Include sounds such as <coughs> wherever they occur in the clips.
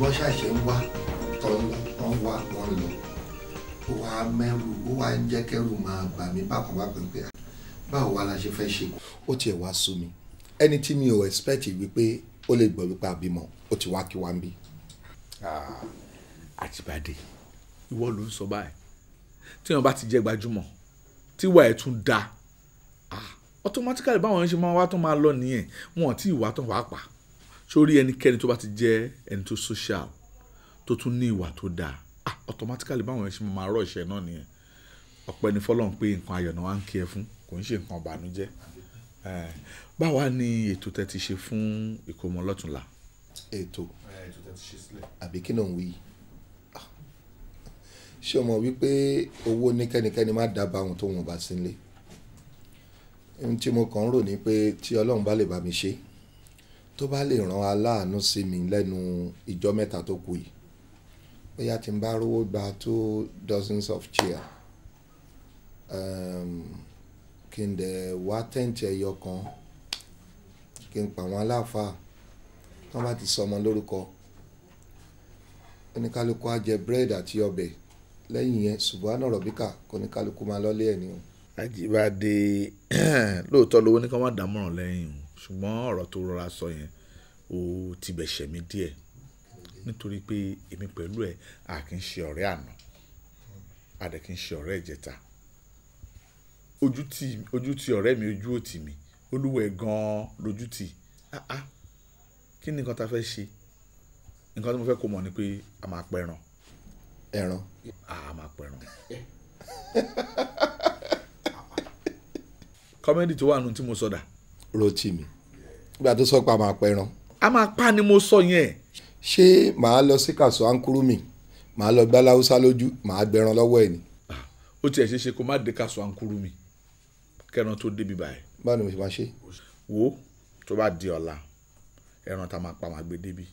bọ́ ṣàṣẹ ń wá tọ́ ń lọ wọ́n wá wọ́n lọ ó wá mẹ́rù ó wá ń jẹ́ kẹ́rù máa bà mí bákan bá pèpè báwo wá la ṣe fẹ́ ṣe. ó tiẹ̀ wá sú mi ẹni tí mi ò expect wípé ó lè gbọ́ wípé àbímọ ó ti wá kí wá ń bí. àtibáde ìwọ ló ń sọ báyìí tí wọn bá ti jẹ gbajúmọ̀ tí ìwà ẹ̀ tún dáa automatically báwọn ṣe máa wá tán máa lọ nìyẹn wọn ò tí ì wá tán pàápàá sórí ẹnikẹ́ni tó bá ti jẹ́ ẹni tó social tó tún ní ìwà tó dáa ah automatically báwọn ẹṣin máa rọ ìṣẹ́ náà nìyẹn ọpẹ́ ni fọlọ́run pé nǹkan ayọ̀ náà wá ń kí ẹ fún kò ń ṣe nǹkan ìbànújẹ́ eh, báwa ni ètò tẹ́ ti ṣe fún ìkómọ lọ́tùnla. ètò eh, àbí kí náà ń wí ah, ṣé o mọ̀ wípé owó ní kẹ́nikẹ́ni má dábàá ohun tó wọn bá sí ohun tí mo kàn ń rò ní pé tí ọlọ́run bá lè bá mi ṣe tó bá lè ràn aláàánú sí mi lẹ́nu ìjọ mẹ́ta tó kù yìí bóyá tí n bá rówó gba two dozens of chair um, kí n dẹ̀ wá tẹ́ǹtì ẹyọ kan kí n pa àwọn aláàfáà tí wọ́n bá ti sọ ọmọ lórúkọ oníkálukú á jẹ búrẹ́dì àti ọbẹ̀ lẹ́yìn yẹn subhana rọ̀bíkà kò máa lọ́lé ẹ̀ ni o. Àjíbádé <clears throat> lóòótọ́ lówó ní ká má dámọ̀ràn lẹ́yìn o ṣùgbọ́n ọ̀rọ̀ tó rọra sọ yẹn ó ti bẹ̀ṣẹ̀ mi díẹ̀ nítorí pé èmi pẹ̀lú ẹ̀ a kì í ṣe ọ̀rẹ́ àná a kì í ṣe ọ̀rẹ́ ìjẹta ojú ti ọ̀rẹ́ mi ojú òtì mi olúwẹ̀ gan-an lójú tì ah ah kí ni nǹkan ta fẹ́ ṣe nǹkan tí mo fẹ́ kó mọ̀ ni pé a máa pẹran ẹran a máa pẹran kọ́mẹ́dì <laughs> tó wà nù tí mo sọ̀dà. Rotimi nígbà tó sọ pé a máa pẹran. a máa pa ni mo sọ yẹn. ṣé màá lọ sí kàṣọ ankurumi màá lọ gbá láwùsá lójú màá gbẹran lọ́wọ́ ẹ̀ ni. Ah, ó tiẹ̀ ṣe é ṣe kó má dé kàṣọ ankurumi kẹran tó débi báyìí. báwo ni mo ṣe máa ṣe. wo tó bá di ọ̀la ẹran tá a máa pa máa gbé débi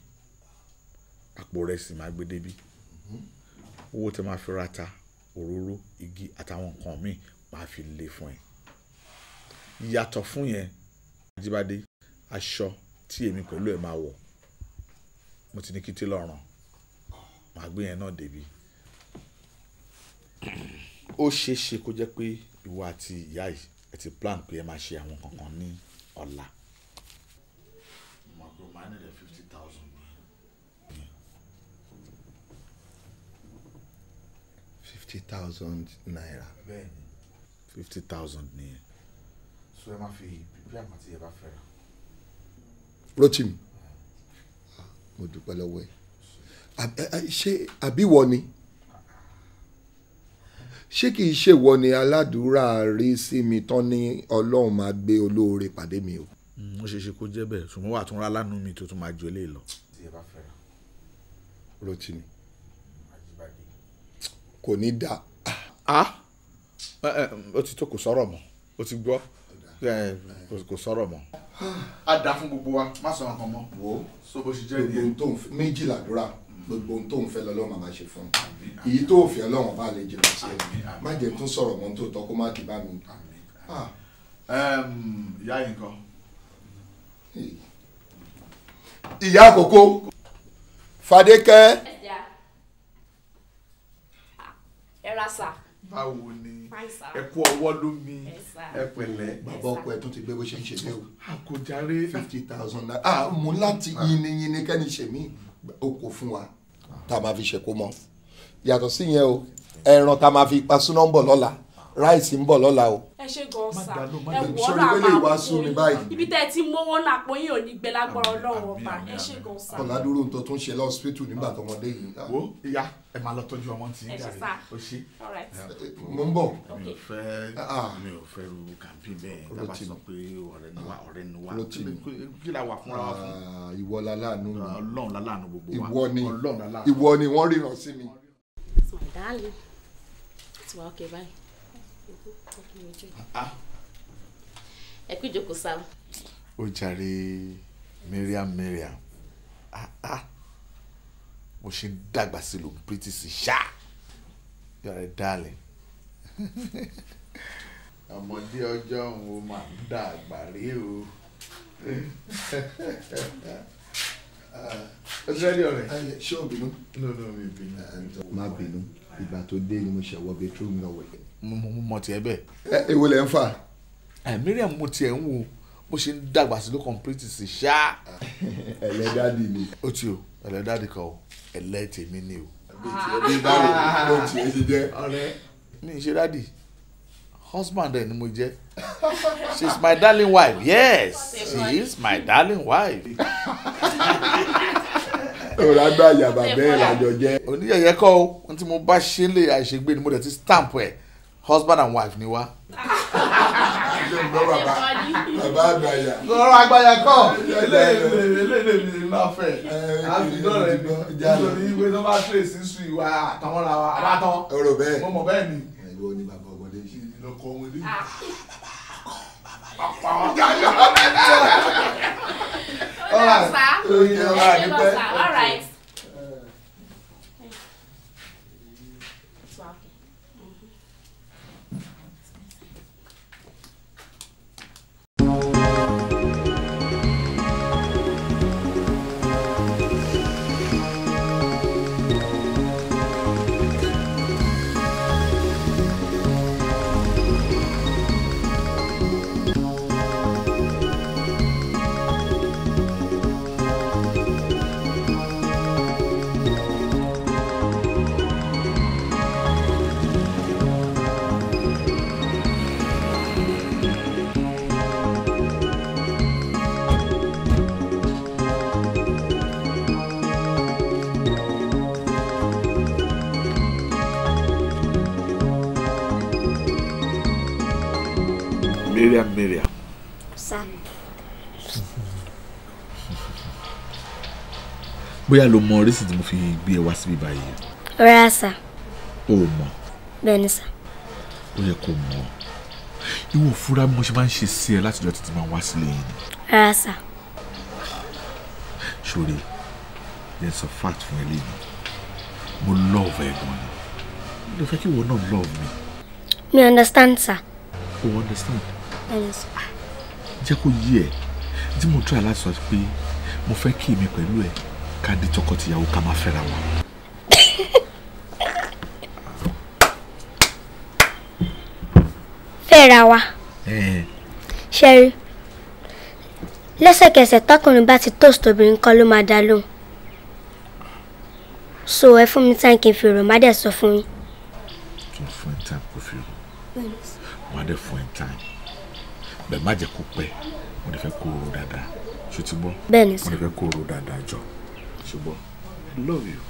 àpò rẹ̀ sì máa gbé débi owó tẹ máa fi ra ta òróró igi àtàwọn nǹkan míì máa fi lè fún ẹ yàtọ̀ fún yẹn aṣọ tí èmi pẹ̀lú ẹ̀ máa wọ̀ mo ti ní kí télọ̀ ràn màá gbé yẹn náà débi ó ṣeé ṣe kó jẹ́ pé ìwọ àti ìyá yìí ẹ ti plan pé ẹ máa ṣe àwọn kankan ní ọ̀la. màá gbọ́ màá nílẹ̀ fifty thousand. naira. bẹ́ẹ̀ni fifty thousand nìyẹn. so ẹ máa fi pípẹ́ àpàtì ẹ bá fẹ́ Rotimi mo dúpẹ́ lọ́wọ́ ẹ̀ ṣé àbíwọ ni ṣé kì í ṣe wọ ni aládùúrà rí sí mi tán ní ọlọ́run máa gbé olóore pàdé mi o. Mm, ó ṣe ṣe kó jẹ́ bẹ́ẹ̀ ṣùgbọ́n wà tún rá lánàá mi tó tún máa ju eléyìí lọ. Rotimi kò ní dáa. Ah! ó ti tó kò sọ̀rọ̀ mọ́ ó ti gbọ́ kò sọ̀rọ̀ mọ́. a dà fún gbogbo wa má sọ nǹkan mọ́. wo so bó ṣe jẹ́ ìyẹn. gbogbo ohun tó ń fẹ́ méjìlá dúrà mm. gbogbo ohun tó ń fẹ́ lọ́lọ́run àmà ṣe fún un èyí tó fẹ́ ọlọ́run bá lè jìnnà sí ẹ má jẹ́ tún sọ̀rọ̀ mọ́ tó tọ́ kó má kì bá mi. Ah. ìyá yìí nǹkan. ìyá àkókò Fadékẹ́. ẹ ra sà. báwo ni ẹkú ọwọ́ ló ẹ pẹ̀lẹ́. bàbá ọkọ ẹ tún ti gbé bó ṣe ń ṣe mí o. àkójáre fifty thousand naira ah mo láti yiniyini kẹ́ni ṣe mí o kò fún wa tá a máa fi ṣe kó mọ́ yàtọ̀ sí yẹn o ẹran tá a máa fi pa súná ń bọ̀ lọ́la ráìsì ń bọ̀ lọ́la o. ẹ ṣe gan sa ẹ wọ ọ́ làwọn àpòyìn ibi tẹ́ ẹ ti mówó náà àpòyìn ò ní gbẹ lágbọ́rọ̀ ọlọ́run ọba ẹ ṣe gan sa. kọlá dúró nǹkan tó ń ṣe lọ́sípítù nígbà tọmọdé yìí. wo ìyá ẹ máa lọ tọ́jú ọmọ tí ń dàrí o ṣe. mo ń bọ̀. mi ò fẹ́ ah. mi ò fẹ́ ru kàmpín bẹ́ẹ̀ dábàá sọ pé ọ̀rẹ́ ni wá ah. ọ̀rẹ́ ni wá kí la wà fúnra wa fún. Ah, ìwọ la láàánú mi ọlọ́run la láàánú gbogbo wa ọlọ́run la láàánú. ìwọ ni wọ́n ríran sí mi. it's my darling it's my okay bye ẹ kú ìjókòó sam. ó jàre mariam mariam ah, ah. mo ṣe ń dàgbà sí lu british ṣá you are a darling. <laughs> ọmọdé ọjọ́ òun ó máa ń dàgbà rí o. ó ti rẹ́dí ọ̀rẹ́. ṣé o bínú. no no mi bínú. má bínú ìgbà tó dé ni mo ṣe wọ bẹtúrú mi lọ wẹ̀ mo mọ tiẹ̀ bẹ́ẹ̀. ẹ èwo lẹ ń fà. ẹ Mariam mo tiẹ̀ ń wo bó ṣe ń dàgbà sí ló complete sí ṣá. <laughs> ẹlẹ́dàdì ni. ó ti o ẹlẹ́dàdì kan o ẹlẹ́tẹ̀mí ni o. bí báwo ló ń tiẹ̀ ṣe jẹ́. mi ṣe dádì husband ẹ ni mo jẹ́ she is my darling wife yes she is my darling wife. òrà gbà yàrá bẹ́ẹ̀ làjọ jẹ́. oníyẹ̀yẹ́ kọ́ ohun tí mo bá ṣe lè àṣegbè ni mo dẹ̀ ti stamp ẹ̀ husband and wife ni wá. bàbá àgbàyà. lọ́rọ̀ àgbàyà kọ́ eléyìí lọ́fẹ̀ àbídọ́rẹ̀ nítorí ìwé tó bá tẹ̀ sí sùn ìwà àtàwọn ra wa àbátan. ọ̀rọ̀ bẹ́ẹ̀ mo mọ̀ bẹ́ẹ̀ ni. ìwọ ni bàbá ọmọdé yìí. ìlọkọ ọmọdé yìí. bàbá ọkọ bàbá yìí. ọ̀rọ̀ sá. ọ̀rọ̀ sá. ọ̀rọ̀ sá. Miriam, Miriam. Sir. Bóyá lo mọ orísìí tí mo fi gbé ẹ wá síbí báyìí. Rárá sà. O ò mọ̀. Bẹ́ẹ̀ni sà. Ó yẹ kó mọ̀. Ìwọ fúra bí mo ṣe máa ń ṣe sí ẹ láti jọ títí máa wá sílé yìí ni. Rárá sà. Ṣòro yẹn sọ fact fún ẹ lẹ́nu. Mo love ẹ gan ni. Mo fẹ́ kí ìwọ náà love mi. Mi understand sir. O understand jẹ́ kó yí ẹ̀ tí mo try láti sọ pé mo fẹ́ kí èmi pẹ̀lú ẹ̀ ká di tọkọtìyàwó ká máa fẹ́ra wọn. fẹ́ra wa ṣẹ́rí lẹ́sẹ̀kẹsẹ̀ tọkùnrin bá ti toast obìnrin kan ló máa dá lóhùn so ẹ fún mi tán kí n fi rò má dẹ̀ sọ fún yín. kí n fún ẹ tán kó fi rò má dẹ̀ fún ẹ tán bẹ́ẹ̀ má jẹ́ kó pẹ́ mo lè fẹ́ kó o dáadáa ṣó ti gbọ́ bẹ́ẹ̀ni sọ mo lè fẹ́ kó o dáadáa jọ ṣùgbọ́n I love you.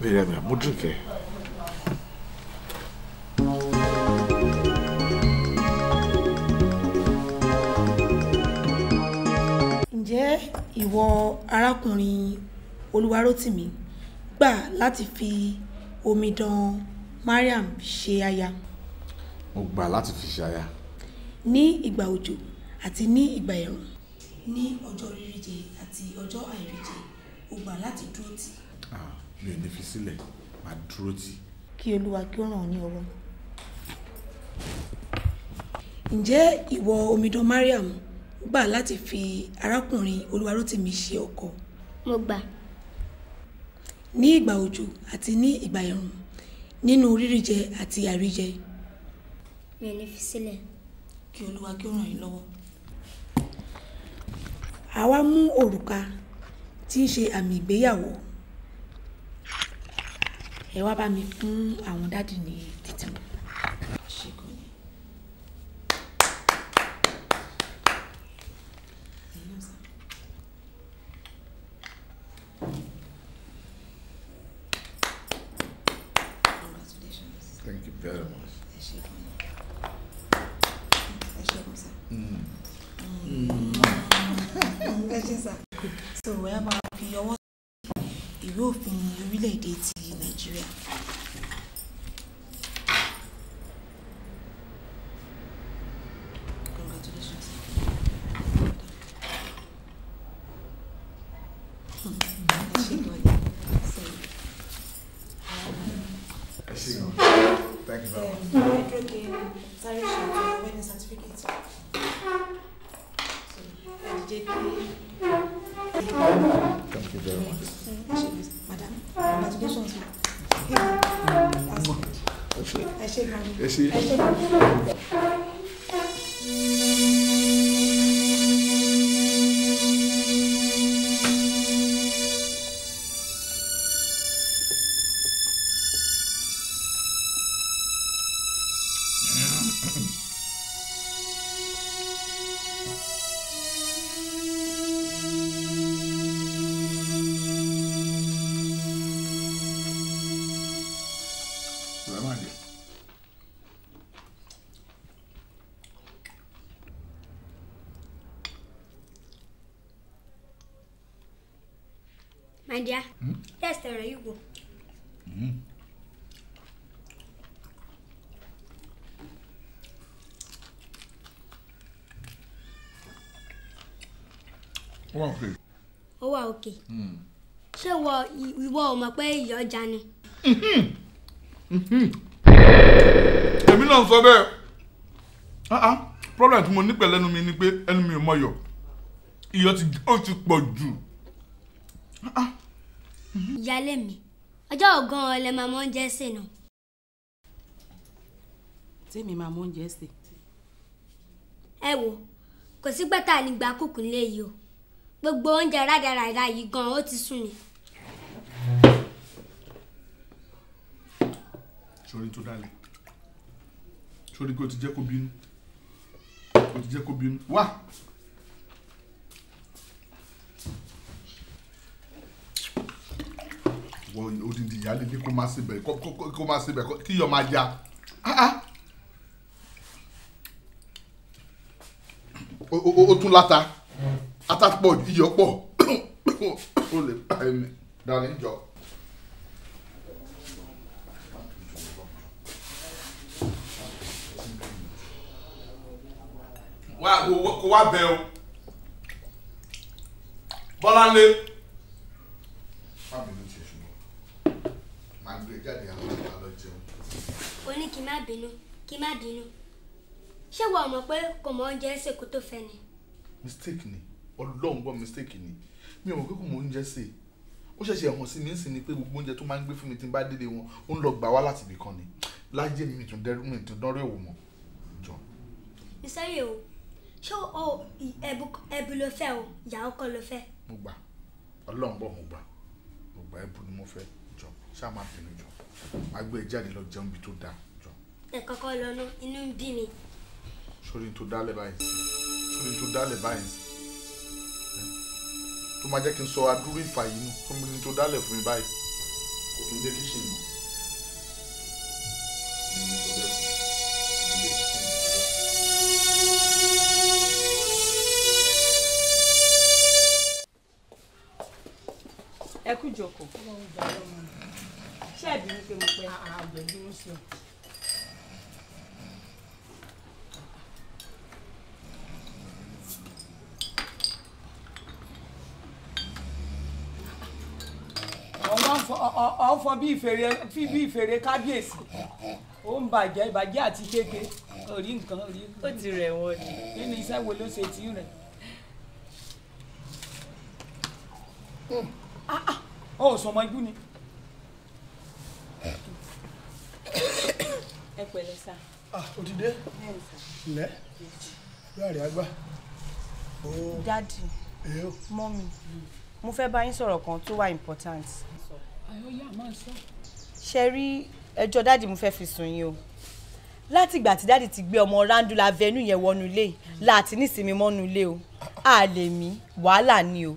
Mira, mira, mo drink ẹ. ǹjẹ́ ìwọ arákùnrin Olúwarótìmí gbà láti fi omidan Mariam ṣe aya mo gbà láti fi ṣaya. ní ìgbà òjò àti ní ìgbà ẹ̀rùn. ní ọjọ́ ríríje àti ọjọ́ àìríje o gbà láti dúró tì. mi ò ní fi sílẹ̀ máa dúró tì. kí olúwa kí ó ràn ọ́ ní ọwọ́. ǹjẹ́ ìwọ omidan Mariam gbà láti fi arákùnrin Olúwarótìmí ṣe ọkọ. mo gbà. ní ìgbà òjò àti ní ìgbà ẹ̀rùn nínú ríríjẹ àti àríjẹ mi ò ní fi sílẹ̀. kí olúwa kí ó ràn yín lọ́wọ́. àwa mú òrùka tí í ṣe àmì ìgbéyàwó ẹ wá bá mi fún àwọn dádì nìyí. so ẹ máa fi ọwọ́ ìwé òfin orílẹ̀-èdè ti nàìjíríà. Es decir, And yeah, mm. yes, there you go. Mm. ó wà òkè. ó wà òkè. Hmm. ṣé ìwọ ìwọ ò mọ̀ pé ìyá ọjà ni. èmi náà sọ bẹ́ẹ̀ ah, ah. problem tí mo ní pẹ̀lú ẹnu mi ni pé ẹnu mi ò mọ̀ yọ̀ iyọ̀ ti pọ̀ jù. Ah, ìyálé mi ọjọ́ ọ̀gán ọ̀lẹ́ máa mọ oúnjẹ sè náà. tèmi máa mọ oúnjẹ sè. ẹ wo kò sí pẹ́tà nígbà kùkù lé yìí o gbogbo oúnjẹ rádaràda yìí gan-an ó ti sùn ni. sori tó dalẹ̀ sori kò ti jẹ́ kó bínú kò ti jẹ́ kó bínú wá. wọ́n odindi ìyáálé ní kó má síbẹ̀ kó má síbẹ̀ kí yọ máa ya ó ah, ah. tún láta ata pọ̀ iyọ̀ pọ̀ ó <coughs> lè pa ẹ̀mí dání jọ. kò wá bẹ̀ o Bọ́láńlé à jáde àwọn àlọ́ jẹun. o ní kí n má bínú kí n má bínú ṣé wàá mọ̀ pé kò mọ oúnjẹ ṣe kó tó fẹ́ ni. mistake ni ọlọ́run gbọ́ mistake ni mi ò mọ̀ pé kò mọ oúnjẹ ṣe ó ṣẹ̀ṣẹ̀ hàn sí mi ń sìn ni pé gbogbo oúnjẹ tó máa ń gbé fún mi tí n bá délé wọn ó ń lọ gbà wá láti ibì kan ni láyé mi tún dẹrú mi tún dánrẹ́ òwò mọ̀ jọ. ìsẹ́yìn o ṣé o ẹ̀bùn ló fẹ́ o ìyàwó kan ló fẹ́. mo gbà ọlọ́run gbọ́ mo gbà mo gbà ẹ̀bùn ni mo fẹ́ ṣá máa bínú jọ máa gbé e jáde lọ jẹun bí tó dáa jọ. ẹ kọ́kọ́ lọ ná inú ń bí mi. sórí tó dálẹ̀ báyìí sórí tó dálẹ̀ báyìí tó máa jẹ́ kí n sọ adúrú ìfà yìí nù fún tó dálẹ̀ fún mi báyìí kò tún dé kíṣìn mọ́. ẹ kú jókòó ṣẹ́ẹ̀bì ní pé mo pẹ́. àgbẹ̀ dúró sí ọ. ọ̀n fọ bí ìfèrè fi bí ìfèrè kábíyèsí ó ń bàjẹ́ ìbàjẹ́ àti kéke orí nǹkan orí. ó ti rẹ̀ wọ́n ni. kí ni iṣẹ́ wo ló ṣe tí rẹ̀. <laughs> Ah, ah. ó sọmọ igbó ni. ah o ti dé ilẹ̀ láàrin àgbà. dadi mọ́mi mo fẹ́ bá yín sọ̀rọ̀ kan tó wà important. ṣe rí ẹjọ́ dádì mo fẹ́ fi sùn yín o láti ìgbà tí dáàdì ti gbé ọmọ randula avenue yẹn wọnú ilé láti nísinmi mọ́nú ilé o a lè mí wàhálà ni o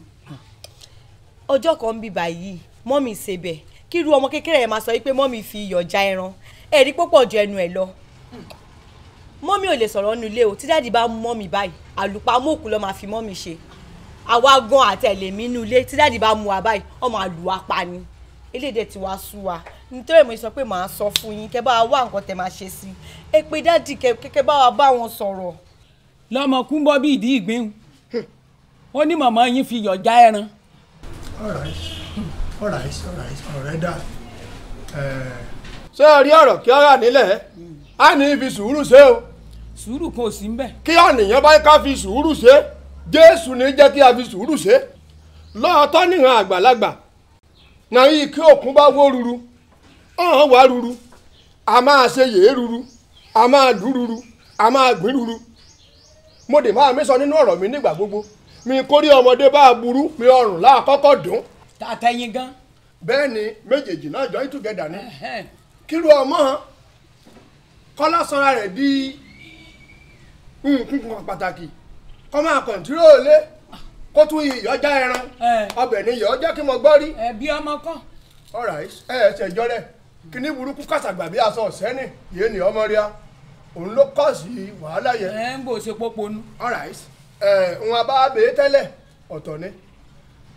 ọjọ́ kan ń bì báyìí mọ́mì ṣebẹ̀ kí irú ọmọ kékeré yẹn máa sọ wípé mọ́mì fi iyọ̀ já ẹran ẹ̀rí púpọ̀ ju ẹnu ẹ̀ lọ mọ́mí ò lè sọ̀rọ̀ nínú ilé o tí dáàdì bá mú mọ́mí báyìí àlùpàmọ́ òkú lọ́ọ́ máa fi mọ́mí ṣe àwa gan àtẹ̀lé mi nínú ilé tí dáàdì bá mú wa báyìí ọmọ àlùwà pa ni eléde tí wàá sú wa nítorí mo sọ pé màá sọ fún yín kẹ́ bá wa wá nǹkan tẹ́ máa ṣe sí i ẹ pé dáàdì kẹ́kẹ́ bá wa bá wọn sọ̀rọ̀. lọmọ kún bọ bí ìdí ìgbín ó ní màmá yín fi yọ̀ ẹran. all right all ọ̀rẹ́ dà ẹ̀ẹ́ ṣé ẹ rí ọ̀rọ̀ kí ọ̀rọ̀ nílẹ̀ á ní fi sùúrù o. sùúrù kan ò sí mbẹ. kí àníyàn bá ká fi sùúrù ṣe jésù ní jẹ́ kí a fi sùúrù ṣe lọ́ọ̀tọ́ níran àgbàlagbà náà yìí kí òkun bá wó ruru ọ̀hún wá ruru a máa ruru a máa ruru a máa ruru mo dè máa mi sọ nínú gbogbo mi ọmọdé bá a mi ọrùn dùn. gan. bẹ́ẹ̀ ni méjèèjì náà join together ni. kíru ọmọ kọ́lá sọra rẹ̀ di nǹkan kan pàtàkì kọ máa kọ̀ǹtírò lé kó tún já ẹran ọbẹ̀ ni ìyọ́já kí mo gbọ́ rí. ẹbí ọmọ kan. ọ̀ráì ẹ kí ní burúkú kàṣàgbà bí aṣọ yé ni ọmọ rí a òun ló kọ́ sí wàhálà yẹn. ẹ ń ni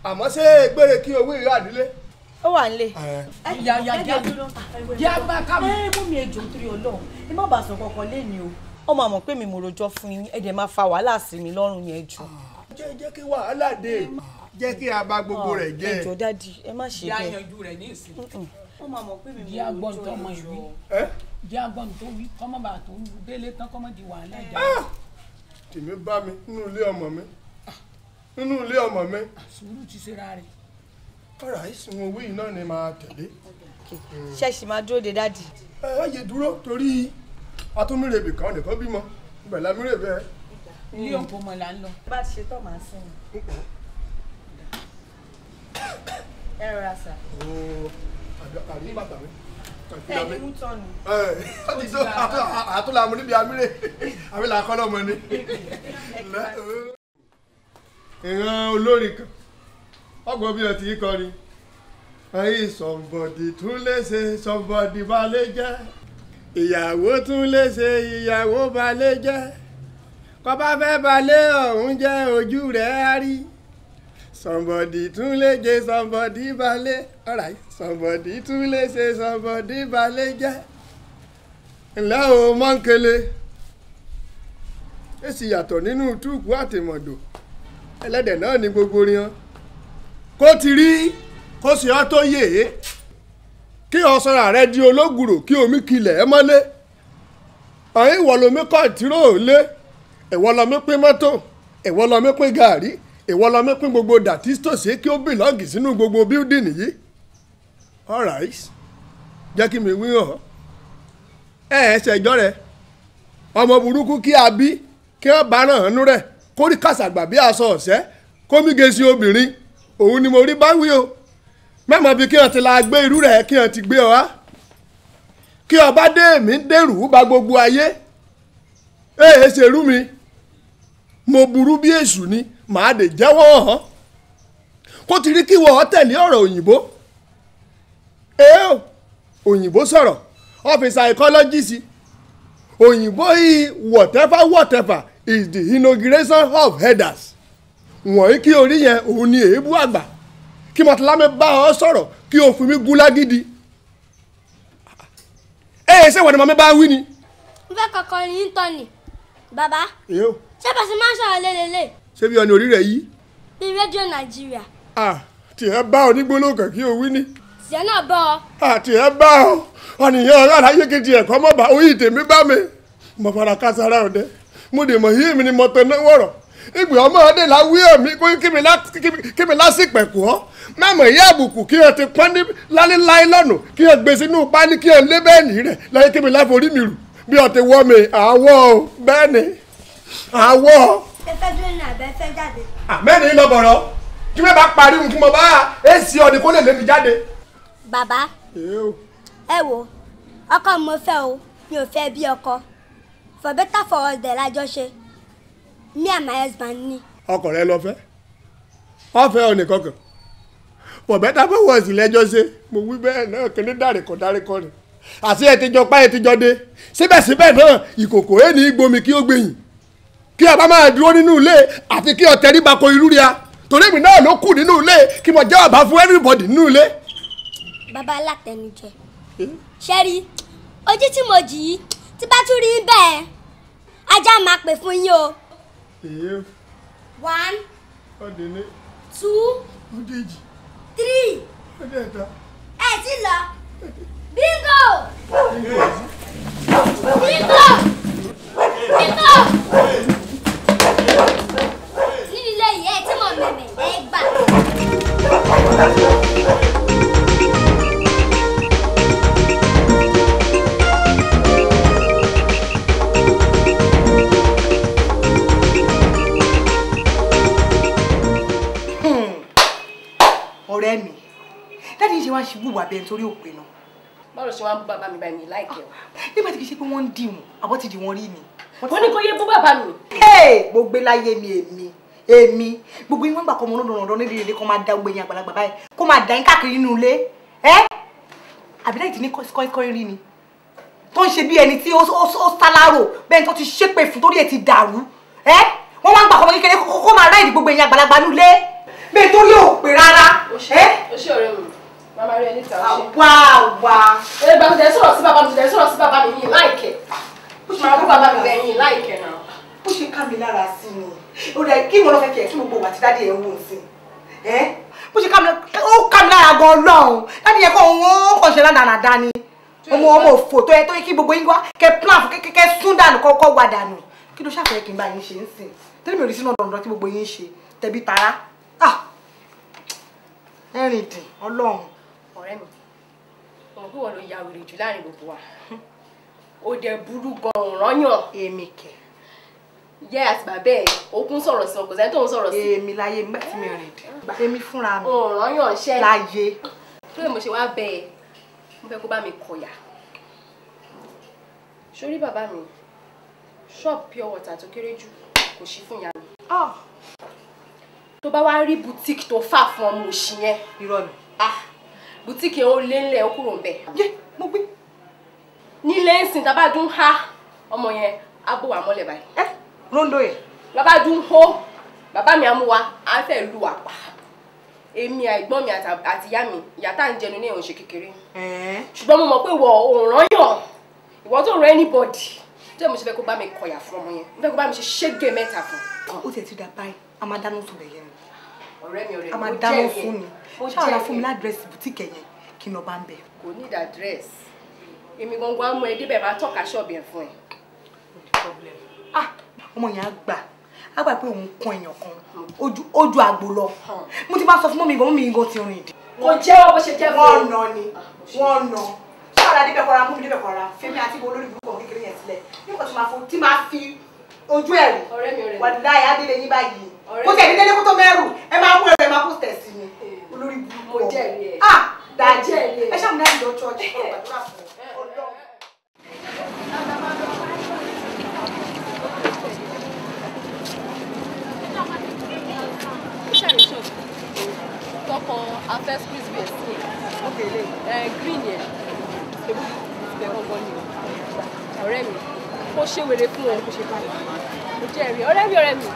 àmọ́ ṣé gbére kí owó ìyá ó wà nílé. ya ya ya ya gba ká mi. ẹ mú mi ejò nítorí Ọlọ́run ẹ má bàa sọ kankan lẹ́ni o. ó máa mọ̀ pé mi mo rojọ́ fún yín ẹ̀dẹ̀ máa fa wàhálà sí mi lọ́rùn yẹn jù. jẹ́ jẹ́ kí wàhálà dé jẹ́ kí a bá gbogbo rẹ̀ jẹ́. ẹjọ́ dádì ẹ má ṣe bẹ́ẹ̀. yanyanju rẹ̀ ní ìsìn. ó máa mọ̀ pé mi mo rojọ́ yẹn jù. jẹ́ agbọ́n tó wí kọ́mọ́ bàa tó délé tán kọ́mọ́ di wàhálà jà. Ah! tèmi bá mi nínú ilé ọmọ mi ah! nínú ilé ọmọ mi. Ah! sùúrù ti ṣe ra rẹ̀ ọ̀rọ̀ àìsàn owó yìí náà ni màá tẹ̀lé. ṣẹ́ẹ̀sì máa dúró de dáàdì. ẹ ẹ yé dúró torí atúmírèbè kan nìkan bímọ ibẹ̀ lámírèbè. ilé òǹkó mọ̀ là ń lọ. bá a ti ṣe tán màá sìn <coughs> ẹ rọra sà. àrí bàtà mi. ẹ ní wútọ́ọ̀nù. àtúntò àmú níbi amíre àbí làákọ́ lọ́mọ ni. <laughs> ìran olórin kan ọgbọ́n bí o ti kọ́ ni. ayé sọ̀nbọ̀dì tún lè ṣe sọ̀nbọ̀dì bá lè jẹ́ ìyàwó tún lè ṣe ìyàwó bá lè jẹ́ kọ́bá fẹ́ balẹ̀ ọ̀hún jẹ́ ojú rẹ̀ á rí sọ̀nbọ̀dì tún lè jẹ sọ̀nbọ̀dì balẹ̀ ọ̀rà sọ̀nbọ̀dì tún lè ṣe sọ̀nbọ̀dì balẹ̀ jẹ́ ńlẹ́ o mọ́ńkele èsì yàtọ̀ nínú túùkù àtìmọ̀dò ẹlẹ́dẹ̀ náà ní gbogbo rin hàn kó ti rí kó sì á tó yè é kí rẹ di ológùrò kí omi kilẹ̀ ẹ mọ́lé àyìn ìwọ lomi kọ́ ìtíró lé ìwọ lomi pín mọ́tò ìwọ lomi pín gàárì ìwọ lomi pín gbogbo dàtítòsí kí ó sínú gbogbo bíúdìní yìí jẹ́ kí mi ẹ ẹ ṣẹjọ́ rẹ ọmọ burúkú kí a bí kí wọ́n bá nú rẹ̀ aṣọ ọ̀sẹ́ kómígesi obìnrin. òun ni mo rí báwí o mẹ́mọ̀ bíi kí wọ́n ti la gbé irú rẹ̀ kí wọ́n ti gbé ọ wá kí ọba dé mi dèrú ba gbogbo ayé èè ṣerú mi mo burú bí èṣù ni màá dè jẹ́wọ́ hàn kó ti rí kí wọ́n tẹ̀lé ọ̀rọ̀ òyìnbó èè òyìnbó sọ̀rọ̀ ọ́fíìsì psychologist òyìnbó yìí whatever whatever is the inauguration of headers wọ̀nyí kí orí yẹn òun ni èébú àgbà kí mọ̀tàlámẹ́ bá ọ sọ̀rọ̀ kí o fi mí gún lágídí ẹ ẹ ṣé wọ́n ni màmí bá wí ni. n fẹ́ kọ́kọ́ ní tọ́ni bàbá ṣé bàṣẹ máa ń sọ̀rọ̀ lélẹ́lẹ́. ṣé bí ọni orí rẹ yí. bí rédíò nàìjíríà. tiẹ̀ bá ọ nígbóló kan kí o wí ni. tiẹ̀ náà bá ọ. tiẹ̀ bá ọ ọ̀nìyàn ọ̀rọ̀ àlàyé kejì ẹ̀kọ́ mọ̀ bá oyin tèmi bá mi mo fara kásárà ọ̀dẹ́ mo dè mọ̀ yí èmi ni mo tẹ náwó rọ̀ ìgbè ọmọdé la wí ẹ̀mí kí mi lásìpẹ̀ kù ọ́ mẹ́mọ̀ ìyá àbùkù kí ẹ ti pọ́n ní láléláé lọ́nà kí ẹ gbé sínú báni kí ẹ lé bẹ́ẹ̀nì rẹ̀ lẹ́yìn kí mi láfi orí mi rù bí ọ ti wọ́ mi àwọ̀ bẹ́ẹ̀ni àwọ̀. ṣé fẹ́ dúró ní àbẹ́ fẹ́ jáde. àmẹ́ni lọ bọ̀rọ̀ kí wọ́n bá parí ohun kí mo bá èsì ọ̀nì kó lè lé mi jáde. bàbá ẹ wo ọkọ mo fẹ́ o mi ò fẹ́ bí ọkọ for better for us dẹ̀ lájọ ṣe me and my husband ni. ọkọ rẹ lọ fẹ́ ọfẹ ọnìkankan bọ̀bẹ́tà fẹ́ wọ̀ sí lẹ́jọ́ ṣe mo wí bẹ́ẹ̀ náà kíní dàrí kan dárí kan ni àti ẹ ti jọ pa ẹ ti jọ dé síbẹ̀síbẹ̀ náà ìkòkò ẹ̀ ní gbomi kí ó gbẹ̀yìn kí ọba máa dúró nínú ilé àti kí ọtẹ rí bako irú ria torí èmi náà ló kù nínú ilé kí mo jẹ́ ọba fún everybody nínú ilé. bàbá alátẹnujẹ ṣẹ́rí ojú tí mo jì í tí bá tún rí bẹ́ẹ̀ ajá máa pè fún yín o èyí. one. ọdẹ ní. two. ọdẹ èjì. three. ọdẹ ẹ̀ta. ẹ ti lọ. bingo. bingo. bingo. bingo. nínú ilé yìí ẹ tí mo mẹ̀mẹ̀ ẹ gbà. dáàdi ṣe wá ń ṣe wùwà bẹ́ẹ̀ nítorí òpè náà. báwo ṣe wá ń bú bàbá mi báyìí mi láìkẹ́ o. Ah, nígbà tí kì í ṣe pé wọ́n ń dì mú àbọ̀ ti dì wọ́n rí ni. wọ́n ní kó yé bú bàbá mi. ee mo gbé láyé mi èmi èmi gbogbo yín wọ́n gbà kọ́ ọmọ olódò ọ̀dọ́ nídìí ilé kó máa da gbẹ̀yìn àgbàlagbà báyìí kó máa dà yín káàkiri nínú ilé ẹ́ àbí láì ti ní kọ́ńkọ́ń rí ni tó ń ṣe bí ẹni tí ó sálárò bẹ́ẹ̀ tó ti ṣépè fún torí ẹ̀ ti dàrú ẹ́ wọ́n wá ń gbà kọ́ ọmọ kékeré kó máa ráìdì gbogbo bẹ́ẹ̀ torí ò pé rárá ẹ́. o ṣe ọ̀rẹ́ mi màmá rí ẹni tàwọn ṣe. àwa àwa. ẹ gbà mùtẹ̀ sọ̀rọ̀ sí bàbá mùtẹ̀ sọ̀rọ̀ sí bàbá mi yìí láìkẹ́ bó ṣe máa kó bàbá mi lẹ́yìn láìkẹ́ náà. bó ṣe ká mi lára sí ni ó dẹ kí wọn lọ fẹ́ kẹ̀ kí gbogbo wà tí dáadé yẹn wò sí ẹ bó ṣe ká mi ó ká mi lára gan Ọlọ́run dáadé yẹn kó òun kàn ṣe ládàáda ni ọmọ ọmọ òfò tó yẹ tó yẹ kí gbogbo yín wá kẹ plan fún kẹ sún dànù kọ́kọ́ wà dànù kí ló ṣàfihàn kí n bá yín ṣe ń sìn torí mi ò rí sínú ọ̀dọ̀ọ̀dọ̀ tí gbogbo yín ṣe tẹ̀bí tara ah! ẹ̀rìn dì Ọlọ́run ọ̀rẹ́ mi mo kí wọn ló ya wèrè jù láàrin gbogbo wa ó dẹ burú gan-an rányàn. èmi kẹ. yẹ àti bàbá ẹ okun sọ̀rọ̀ sí ọkọ sẹni tó ń sọ̀rọ̀ sí. èmi láyé mẹtí mi rìn dé èmi fúnra mi. òun rányàn ṣẹ. láyé. tó yẹ mo ṣe wá bẹ ẹ mo fẹ́ kó bá mi kọ̀yà sórí bàbá mi ṣọ́ọ̀bù pure water tó kéré jù kò sí fún ìyá mi. Ah! tó bá wá rí boutique tó fà fún ọmọ òṣì irọ́ ni. ah bùtíkì ó lé ńlẹ̀ ó kúrò ńbẹ̀. yé mo gbé. nílé ńsìn tá a bá dún ha ọmọ yẹn á bò wá mọ́lẹ̀ báyìí. ẹ rondo yẹn. bàbá dún hó bàbá mi amúwa á fẹ́ lu àpá èmi àìgbọ́n mi àti ìyá mi ìyá tá à ń jẹnu ní ìrànṣẹ́ kékeré. ṣùgbọ́n mo mọ̀ pé ìwọ òòràn yàn ìwọ tó rẹ anybody tó yẹ mo ṣe fẹ́ kó bá mi kọ̀yà fún ọmọ yẹn mo fẹ́ kó bá mi ṣe ṣége mẹ́ta fún. ó tẹ̀ ti dà báyìí a máa dáná sùn lẹ́yìn rẹ̀. ọ̀rẹ́ mi ọ̀rẹ́ mi ó ṣáà ra fún mi ládírẹ́sì bùtíkì yẹn kí n lọ bá ń bẹ̀. kò ní ìdá dírẹ́sì èmi gbọ̀ngàn amú ẹ débẹ̀ máa tọ́ka ṣọ́ọ̀bì ẹ̀ fún ẹ. Ah, ọmọ yẹn á gbà á gbà pé òun kan èèyàn kan hmm. ojú àgbò lọ hmm. mo ti bá sọ fún mọ́mí ìbọn mọ́mí ìgò ti rìn dì. kò jẹ́wọ́ bó ṣe jẹ́ fún wọn. Ah, wọ́n nà ni wọ́n nà ṣọ́ọ̀dà débẹ̀ kọ́ra mú mi débẹ̀ kọ́ra fẹ́mi àti ibo olórí burúkú ọ̀hún kékeré yẹn sílẹ̀ nígbà tí máa fún tí máa fi ojú ẹ̀rù wà láyé adélẹ́yìn báyìí kó tẹ̀ ní délé kó tó mẹ́rù ẹ máa mú ẹ̀rù ẹ máa kó tẹ̀ sí mi. Eh olórí burúkú ọ ah dájú ẹ ṣàmúlẹ̀ ìlọ church ọ̀gbàdúrà fún ọlọ́run. tọkọ afẹ squeeze bẹẹ sí ẹ green yẹn ebi ìgbẹ gbọngàn ni ọ̀rẹ́ mi kó ṣe wèrè fún ọ kó jẹ ẹ̀rí ọ̀rẹ́ mi ọ̀rẹ́ mi.